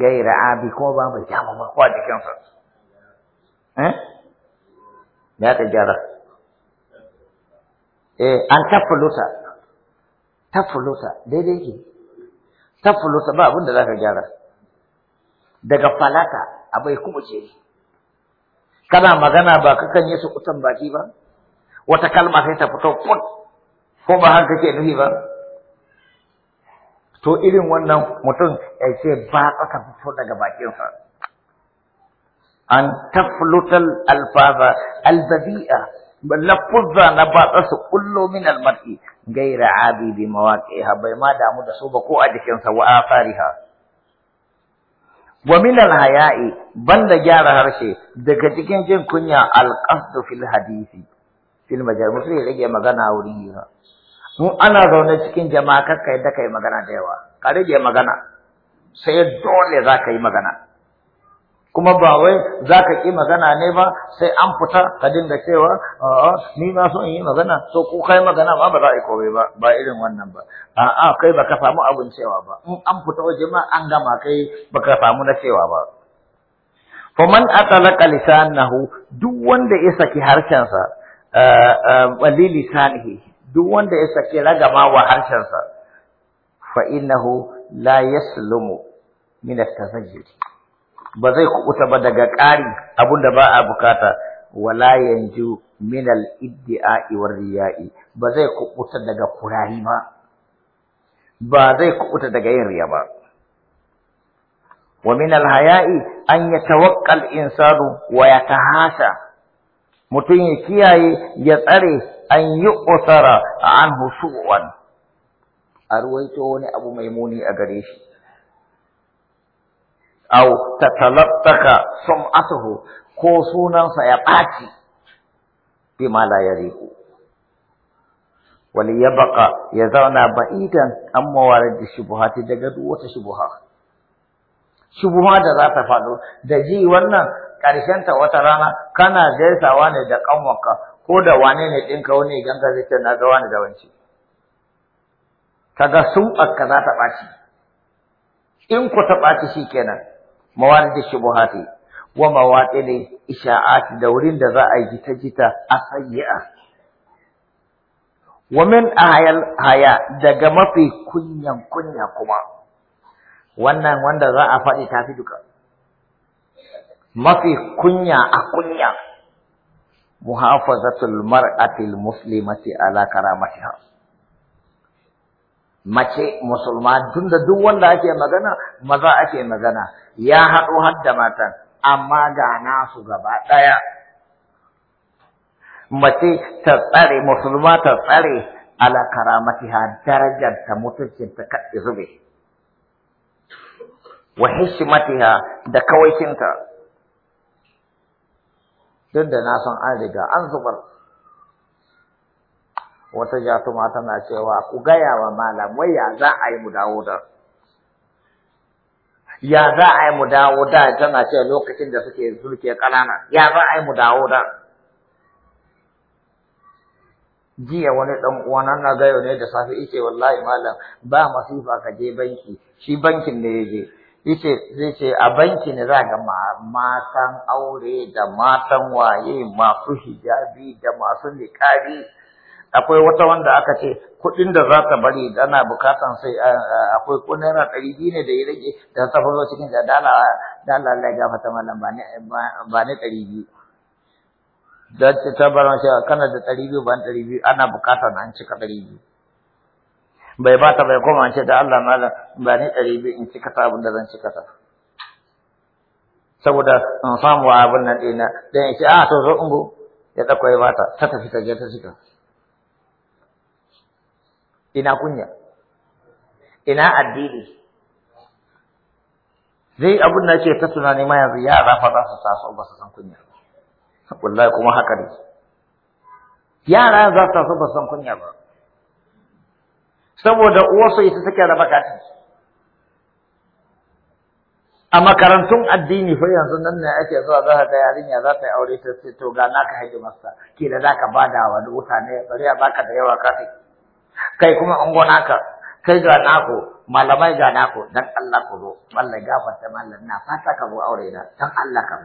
gaira abi ko ba mai jama ba ko jikinsa eh ya ta jara eh an tafuluta tafuluta daidai ke tafuluta ba abin da za ka gyara daga falaka abai kuma ce kana magana ba ka yi su kutan baki ba wata kalma sai ta fito ko ba haka kake nufi ba to irin wannan mutum ya ce ba ka fito daga bakinsa an taflutal alfaza albabi'a lafuzza na batsa su kullo min almar'i gaira abidi mawaqiha bai ma damu da su ba ko a jikinsa wa afariha wa min alhaya'i banda gyara harshe daga cikin jin kunya alqasdu fil hadisi fil majal rage magana wurin ba. su ana zaune cikin jama'a kakka yadda ka yi magana da yawa, ka rage magana, sai dole za ka yi magana. Kuma ba wai za ka ƙi magana ne ba sai an fita ka dinga cewa ni na so in yi magana so ko kai magana ma ba za a yi komai ba ba irin wannan ba a'a kai baka samu abin cewa ba in an fita waje ma an gama kai baka samu na cewa ba Fa faman atalaka lisanahu duk wanda ya saki harshensa eh, eh, wa lisanihi duk wanda ya sake ragama wa harshensa fa innahu la yaslumu min at-tazayyud ba zai kubuta ba daga ƙari abinda ba a bukata wala yanju min al-iddi'a'i war riya'i ba zai kubuta daga kurari ba ba zai kubuta daga yin riya ba wa min al-haya'i an yatawakkal insanu wa yatahasha mutum ya kiyaye ya tsare an yi usara an husuwan a ruwaito wani abu mai muni a gare shi au tatalattaka asuhu ko sunansa ya ɓaci bima la riku. wani ya baka ya zauna ba ba'idan an mawar da shubuhati daga duk wata shubuha shubuha da za ta faɗo da ji wannan ƙarshen ta wata rana kana gaisawa ne da ƙanwarka ko da wane ne ɗinka wani idan ka zai ce na ga wani da wance kaga sun akka za ta ɓaci in ku ta ɓaci shi kenan mawarid buhati wa ne isha'ati da wurin da za a yi jita jita asayya wa min ayal haya daga mafi kunyan kunya kuma wannan wanda za a faɗi tafi duka mafi kunya a kunya muhafazatul mar'atil muslimati ala karamatiha mace musulma da duk wanda ake magana maza ake magana ya haɗo har da mata amma ga nasu gaba ɗaya mace ta tsare musulma ta tsare ala matiha darajarta mutuncinta kaɗe zube wa hishmatiha da kawaicinta duk da na san an riga an zubar wata jatuma tana cewa ku gaya wa malam wai ya za a yi mu dawo da ya za a yi mu dawo da tana cewa lokacin da suke zuke ƙanana ya za a yi mu dawo da jiya wani dan uwana na gayo ne da safe yake wallahi malam ba masifa ka je banki shi bankin ne je. yace zai ce a banki ne za ga matan aure da matan waye masu hijabi da masu niƙari akwai wata wanda aka ce kuɗin da za ta bari dana bukatan sai akwai ko naira ɗari biyu ne da ya rage da ta fara cikin da dala dala Allah ya gafarta mallam ba ne ba ne ɗari biyu da ta bar kana da ɗari biyu ba ɗari biyu ana bukatan an cika ɗari biyu bai ba ta bai koma ce da Allah malam ba ni ɗari biyu in cika ta abin da zan cika ta saboda in samu abin nan ɗina dan ya ce a ah, to zo ungo ya ɗauko ya bata ta tafi ta je ta cika ina kunya ina addini zai abin da ke ta tunani ma yanzu yara fa za su su ba su san kunya wallahi kuma haka ne yara za su su ba su san kunya ba saboda uwarsa ita take da bakati a makarantun addini fa yanzu nan ne ake zuwa za ta yarinya za ta yi aure ta ce to ga naka masa ke da za ka bada wa mutane bari a baka da yawa kafi kai kuma an gona ka kai ga nako malamai ga nako dan Allah ku zo wallahi gafarta mallam na fata ka zo aure na dan Allah ka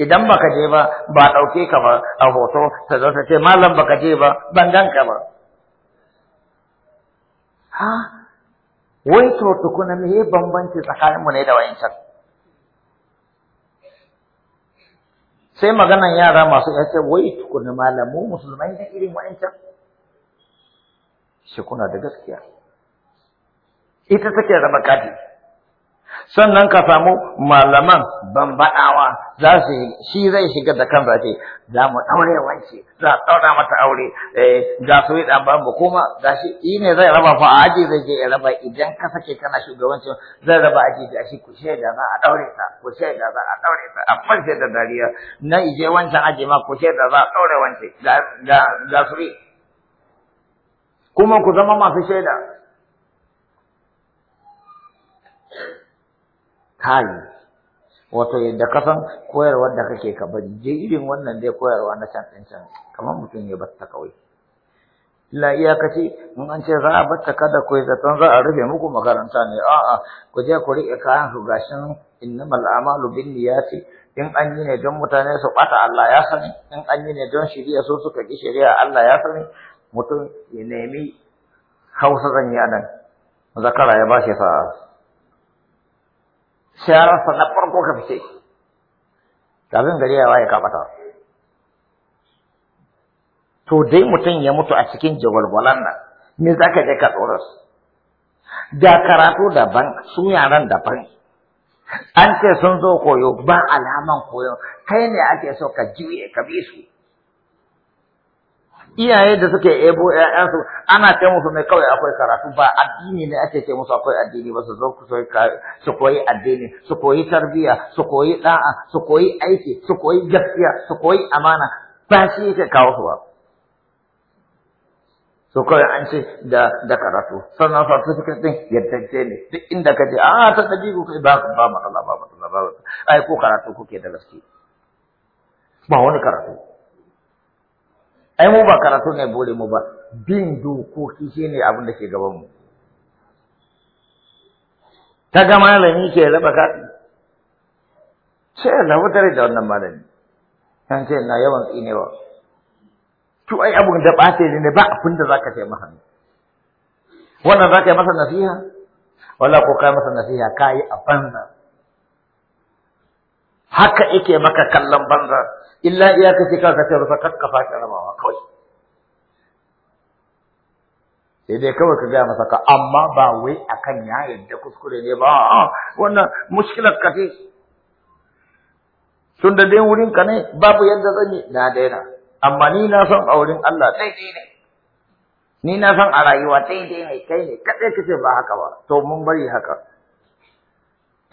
idan baka je ba ba ɗauke ka ba a hoto ta zo ta ce malam baka je ba ban gan ba ha wai to tukuna me ya bambanci tsakanin mu ne da wayancan sai maganan yara masu ya ce wai tukuna malamu musulmai ne irin wayancan shi kuna da gaskiya ita take da kati sannan ka samu malaman bambaɗawa za su shi zai shiga da kan ce za mu daure wanki za a daura mata aure eh, ga su yi dan babu kuma ga shi i ne zai raba fa aji zai je ya raba idan ka sake kana shugabancin zai raba aji ga shi ku da za a daure ta ku da za a daure ta a farce da dariya na ije wancan aji ma ku da za a daure wanki ga su yi kuma ku zama masu shaida kai wato yadda ka san koyarwar da kake ka bari je irin wannan dai koyarwa na can ɗin can kamar mutum ya batta kawai la ce in an ce za a batta kada koyi zaton za a rufe muku makaranta ne a'a ku je ku riƙe kayan su gashin innamal a'malu bin niyyati in an yi ne don mutane su ɓata Allah ya sani in an yi ne don shari'a su suka ki shari'a Allah ya sani mutum ya nemi hausa zan yi anan zakara ya bashi fa'a. shayararsa na farko ka fice kafin gari ya waye kafata to dai mutum ya mutu a cikin jawalwalan nan me za ka je ka su da karatu daban su yaran daban an ce sun zo koyo ba alaman koyo kai ne ake so ka juye ka bi su iyaye da suke ebo ƴaƴansu ana ce musu mai kawai akwai karatu ba addini ne ake ce musu akwai addini ba su zo su koyi addini su koyi tarbiyya su koyi da'a su koyi aiki su koyi gaskiya su koyi amana ba shi yake kawo su ba su koyi an ce da da karatu sannan certificate din yaddance ne duk inda ka je a ah, ta dabi ku kai ba ba matsala ba matsala ba ai ko karatu kuke da gaske ba wani karatu ai mu ba karatu ne bore mu ba bin dokoki ne abin da ke gaban mu ta ga malami ke raba ka sai Allah wata da wannan malami kan ce na yawan tsinewa to ai abun da ɓace ne ba abin da zaka ce masa wannan zaka yi masa nasiha wala ko kai masa nasiha kai a banza haka yake maka kallon banza illa iya ce ka kace rufa kakkafa ka rabawa kawai sai dai kawai ka gaya masa ka amma ba wai akan ya yadda kuskure ne ba ah, wannan mushkilar ka ce tun da dai wurin ka ne babu yadda zan yi na daina amma ni na san a wurin Allah daidai ne ni na san a rayuwa daidai ne kai ne kadai kace ba haka ba to mun bari haka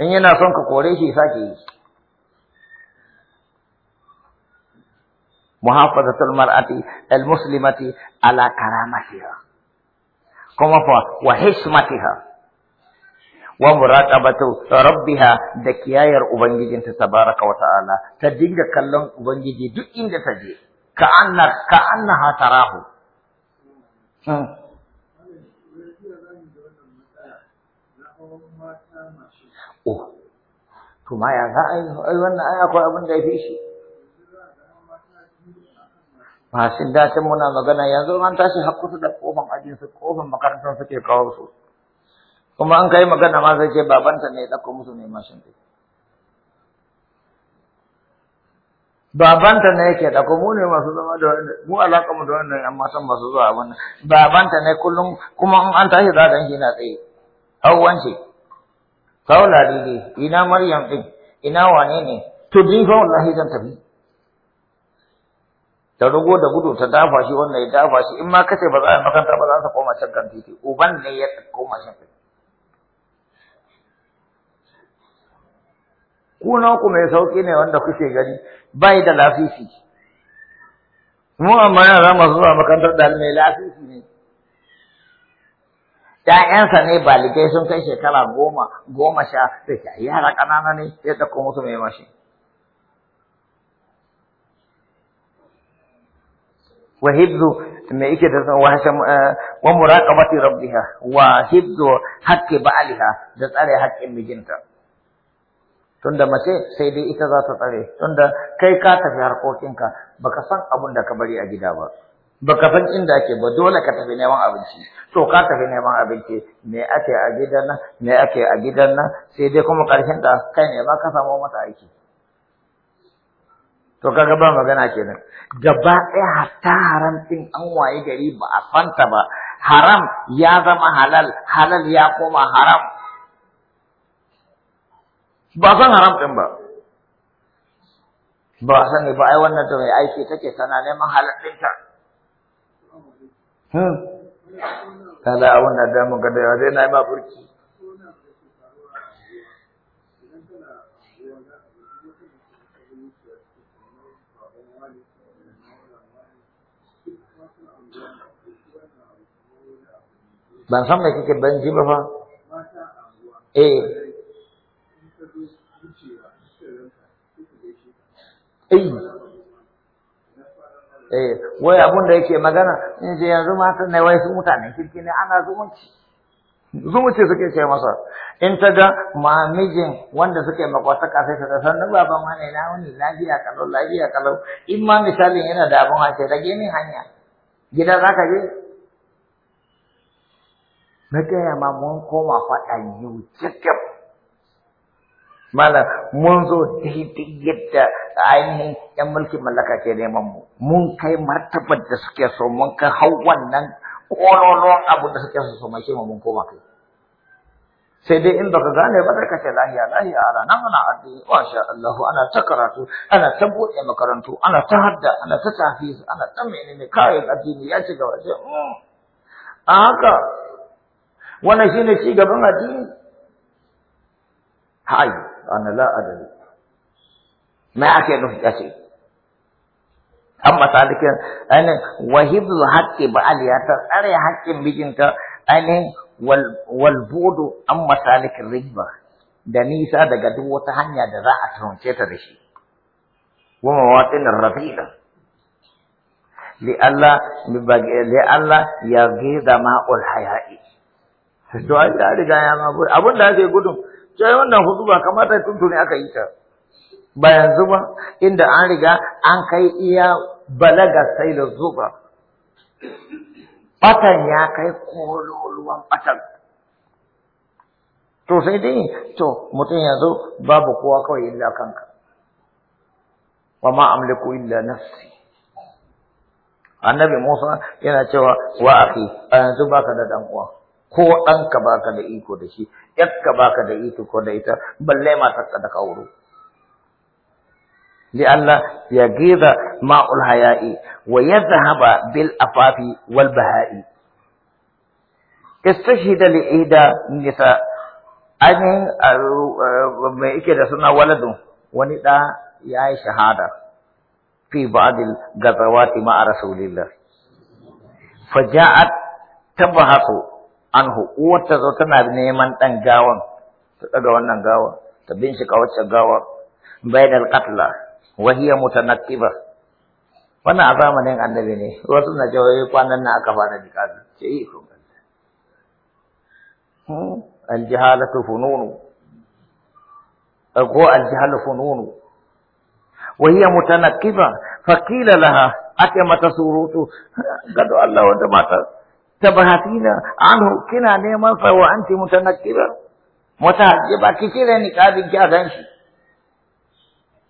in yana son ka kore shi sake yi muhafazatul mar'ati al-muslimati ala karamatiha kuma fa wa hismatiha wa muraqabatu rabbiha da kiyayar ubangijinta tabaraka wa ta'ala ta dinga kallon ubangiji duk inda ta je ka anna ka annaha tarahu hmm. oh. to ma ya za a yi wannan ai akwai abin da ya fi shi. masu dacin muna magana yanzu an tashi hakku da kofan ajinsu kofan makarantar suke kawo su kuma an kai magana ma sai ce babanta ne ya musu ne mashin ɗin babanta ne yake da mu ne masu zama da wanda mu alaka mu da wannan yan matan masu zuwa wannan babanta ne kullum kuma in an tashi za da shi na tsaye hawan ce kaula dide ina maryam ɗin, ina wane ne to din fa wallahi zan tafi ta rugo da gudu ta dafa shi wannan ya dafa shi in ma kace ba za a makanta ba za ta koma can kan titi uban ne ya koma can titi ku ku mai sauki ne wanda kuke gani bai da lafifi mu amma yara masu zuwa makantar da mai lafifi ne ‘Ya'yansa ne baligai sun kai shekara goma, goma sha, sai yara ƙanana ne ya ɗauko musu mai mashin. wa hibzu me yake da wa hasham wa muraqabati rabbiha wa hibzu haqqi ba'liha da tsare haƙƙin mijinta tunda mace sai dai ita za ta tsare tunda kai ka tafi harkokinka baka san abun da ka bari a gida ba baka san inda ake ba dole ka tafi neman abinci to ka tafi neman abinci me ake a gidan nan me ake a gidan nan sai dai kuma karshen ka kai ne ba ka samu mata aiki to kaga ba magana kenan gaba ɗaya hatta haram ɗin an waye gari ba a fanta ba haram ya zama halal halal ya koma haram ba san haram ɗin ba ba san ne ba ai wannan to mai aiki take sana neman halal ɗinta hmm kada abun da damu kada ya zai na ma burki ban san mai kake banji ba fa eh eh eh wai abun da yake magana in ce yanzu matan ne wai su mutane kirki ne ana zumunci zumunci suke ce masa in ta ga mamijin wanda suke makwataka sai ta san na baban wani na wani lafiya kalau lafiya kalau in ma misalin yana da abun hace da min hanya gida za ka je na gaya ma mun koma faɗa yiwu cikin malam mun zo daidai yadda ainihin yan mulkin mallaka ke neman mu mun kai martabar da suke so mun kai hau wannan ƙololon abu da suke so mai shema mun koma kai sai dai in baka gane ba sai ka ce lahiya lahiya ala nan ana addini masha Allah ana ta karatu ana ta buɗe makarantu ana ta hadda ana ta tafiz ana ta menene kayan addini ya ci gaba sai mm. a haka wannan shine ci gaban addini hai ana la adali ma ake nufi kace amma sadikin ana wahibul haqqi ba ba'aliya ta tsare bijinta ana wal wal budu amma masalikin rigba da nisa daga duk wata hanya da za a tarunce ta da shi wa watin rafida li Allah li Allah ya gida ma'ul haya'i to ai da riga ya ma gudu abin da ake gudu sai wannan hutuba kamata tuntuni aka yi ta ba yanzu ba inda an riga an kai iya balaga sai da zuba batan ya kai kololuwan batan to sai dai to mutum yanzu babu kowa kawai illa kanka wa ma amliku illa nafsi annabi Musa yana cewa wa akhi a yanzu baka da dan uwa ko ɗanka baka da iko da shi yakka baka da iko ko da ita balle matarka da kauro لئلا يغيظ ماء الحياء ويذهب بالافاف والبهاء استشهد لإحدى النساء أن كده سنة ولد وندا يا شهادة في بعض الغزوات مع رسول الله فجاءت تبحث anhu uwar ta zo tana neman dan gawan ta daga wannan gawa ta bin shi ka wacce gawa bayan alƙatla wahiya mutanakiba wannan a zamanin annabi ne wasu na cewa kwanan na aka fara jikadi ce yi kun aljihalatu fununu ko al aljihalu fununu wahiya fa qila laha ake mata surutu gado Allah wanda matar tabahatina anhu kina neman fa wa anti mutanakkira mota je ba kike da ni kadi ga dan shi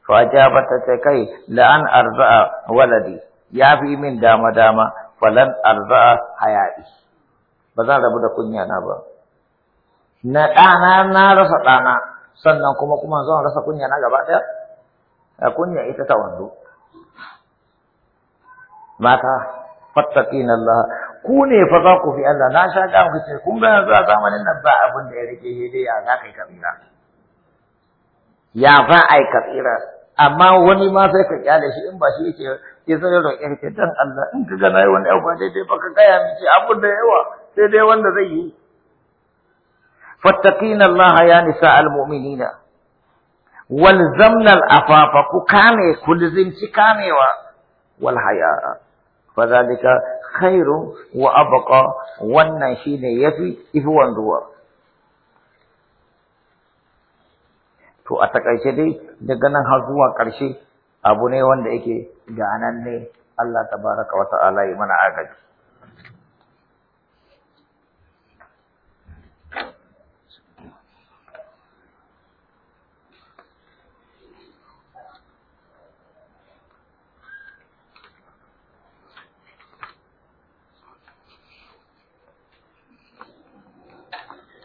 fa ja kai la an arza waladi ya fi min dama dama falan arza hayati ba rabu da kunya na ba na dana na rasa dana sannan kuma kuma zan rasa kunya na gaba daya kunya ita ta wando mata fattaqina allah kune fa za ku fi Allah na sha ga ku ce kun ga zuwa zamanin nan ba abin da ya rike shi dai ya za ka kabira ya fa ai kabira amma wani ma sai ka kyale shi in ba shi yake ya sai roƙe ke dan Allah in ka ga nayi wani abu dai dai baka gaya min ce abin da yawa sai dai wanda zai yi fattaqina Allah ya nisa almu'minina walzamna al'afafa ku kame ku lizinci kamewa wal haya فذلك khairu wa abqa wannan shine yafi ifi wanzuwa to a takaice dai daga nan har zuwa ƙarshe abu ne wanda yake ga anan ne Allah tabaraka wa ta'ala ya mana agaji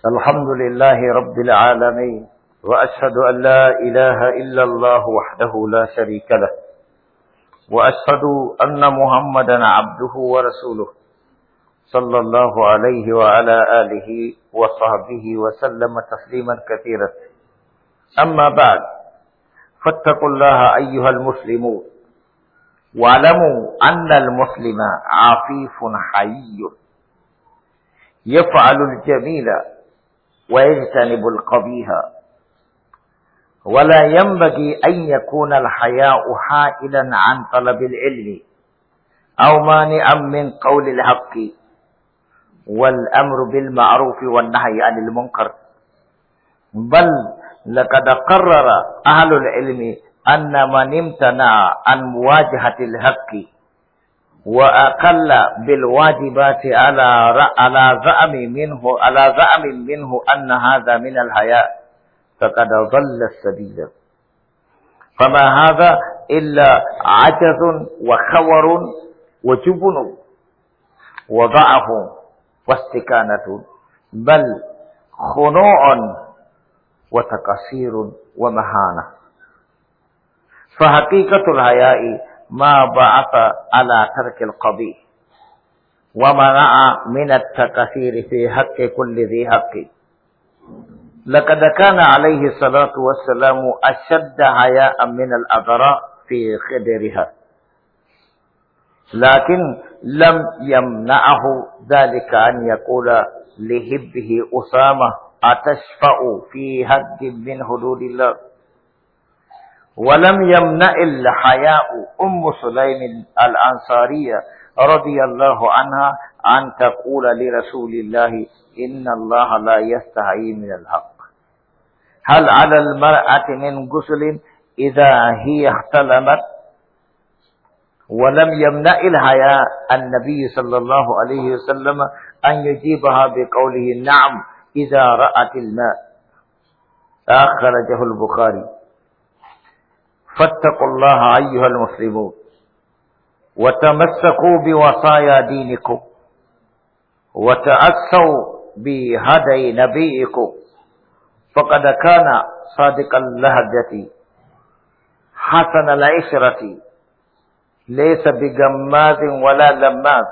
الحمد لله رب العالمين وأشهد أن لا إله إلا الله وحده لا شريك له وأشهد أن محمدا عبده ورسوله صلى الله عليه وعلى آله وصحبه وسلم تسليما كثيرا أما بعد فاتقوا الله أيها المسلمون واعلموا أن المسلم عفيف حي يفعل الجميل ويجتنب القبيح ولا ينبغي أن يكون الحياء حائلا عن طلب العلم أو مانعا من قول الحق والأمر بالمعروف والنهي عن المنكر بل لقد قرر أهل العلم أن من امتنع عن مواجهة الحق وأقل بالواجبات على على زعم منه على زعم منه أن هذا من الحياء فقد ضل السبيل فما هذا إلا عجز وخور وجبن وضعف واستكانة بل خنوع وتقصير ومهانة فحقيقة الحياء ما بعث على ترك القبيح ومنع من التكاثير في حق كل ذي حق لقد كان عليه الصلاة والسلام أشد حياء من الأضراء في خدرها لكن لم يمنعه ذلك أن يقول لهبه أسامة أتشفأ في حد من حدود الله ولم يمنع الحياء أم سليم الأنصارية رضي الله عنها أن تقول لرسول الله إن الله لا يستحي من الحق هل على المرأة من غسل إذا هي احتلمت ولم يمنع الحياء النبي صلى الله عليه وسلم أن يجيبها بقوله نعم إذا رأت الماء أخرجه البخاري فاتقوا الله أيها المسلمون وتمسكوا بوصايا دينكم وتأسوا بهدي نبيكم فقد كان صادق اللهجة حسن العشرة ليس بجماز ولا لماز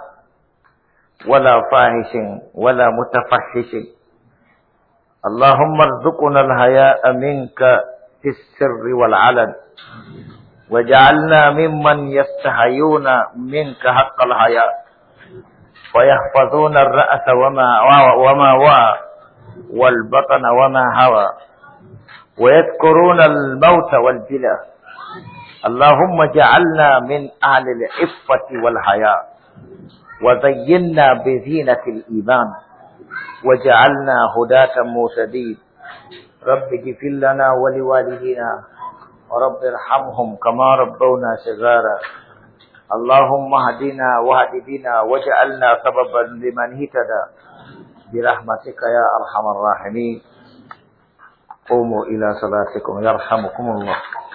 ولا فاحش ولا متفحش اللهم ارزقنا الحياء منك في السر والعلن وجعلنا ممن يستحيون منك حق الحياة ويحفظون الرأس وما وما وعى والبطن وما هوى ويذكرون الموت والجلى اللهم جعلنا من أهل العفة والحياة وزينا بزينة الإيمان وجعلنا هداة مهتدين رب اغفر لنا ولوالدينا ورب ارحمهم كما ربونا صغارا اللهم اهدنا واهد بنا واجعلنا سببا لمن اهتدى برحمتك يا ارحم الراحمين قوموا الى صلاتكم يرحمكم الله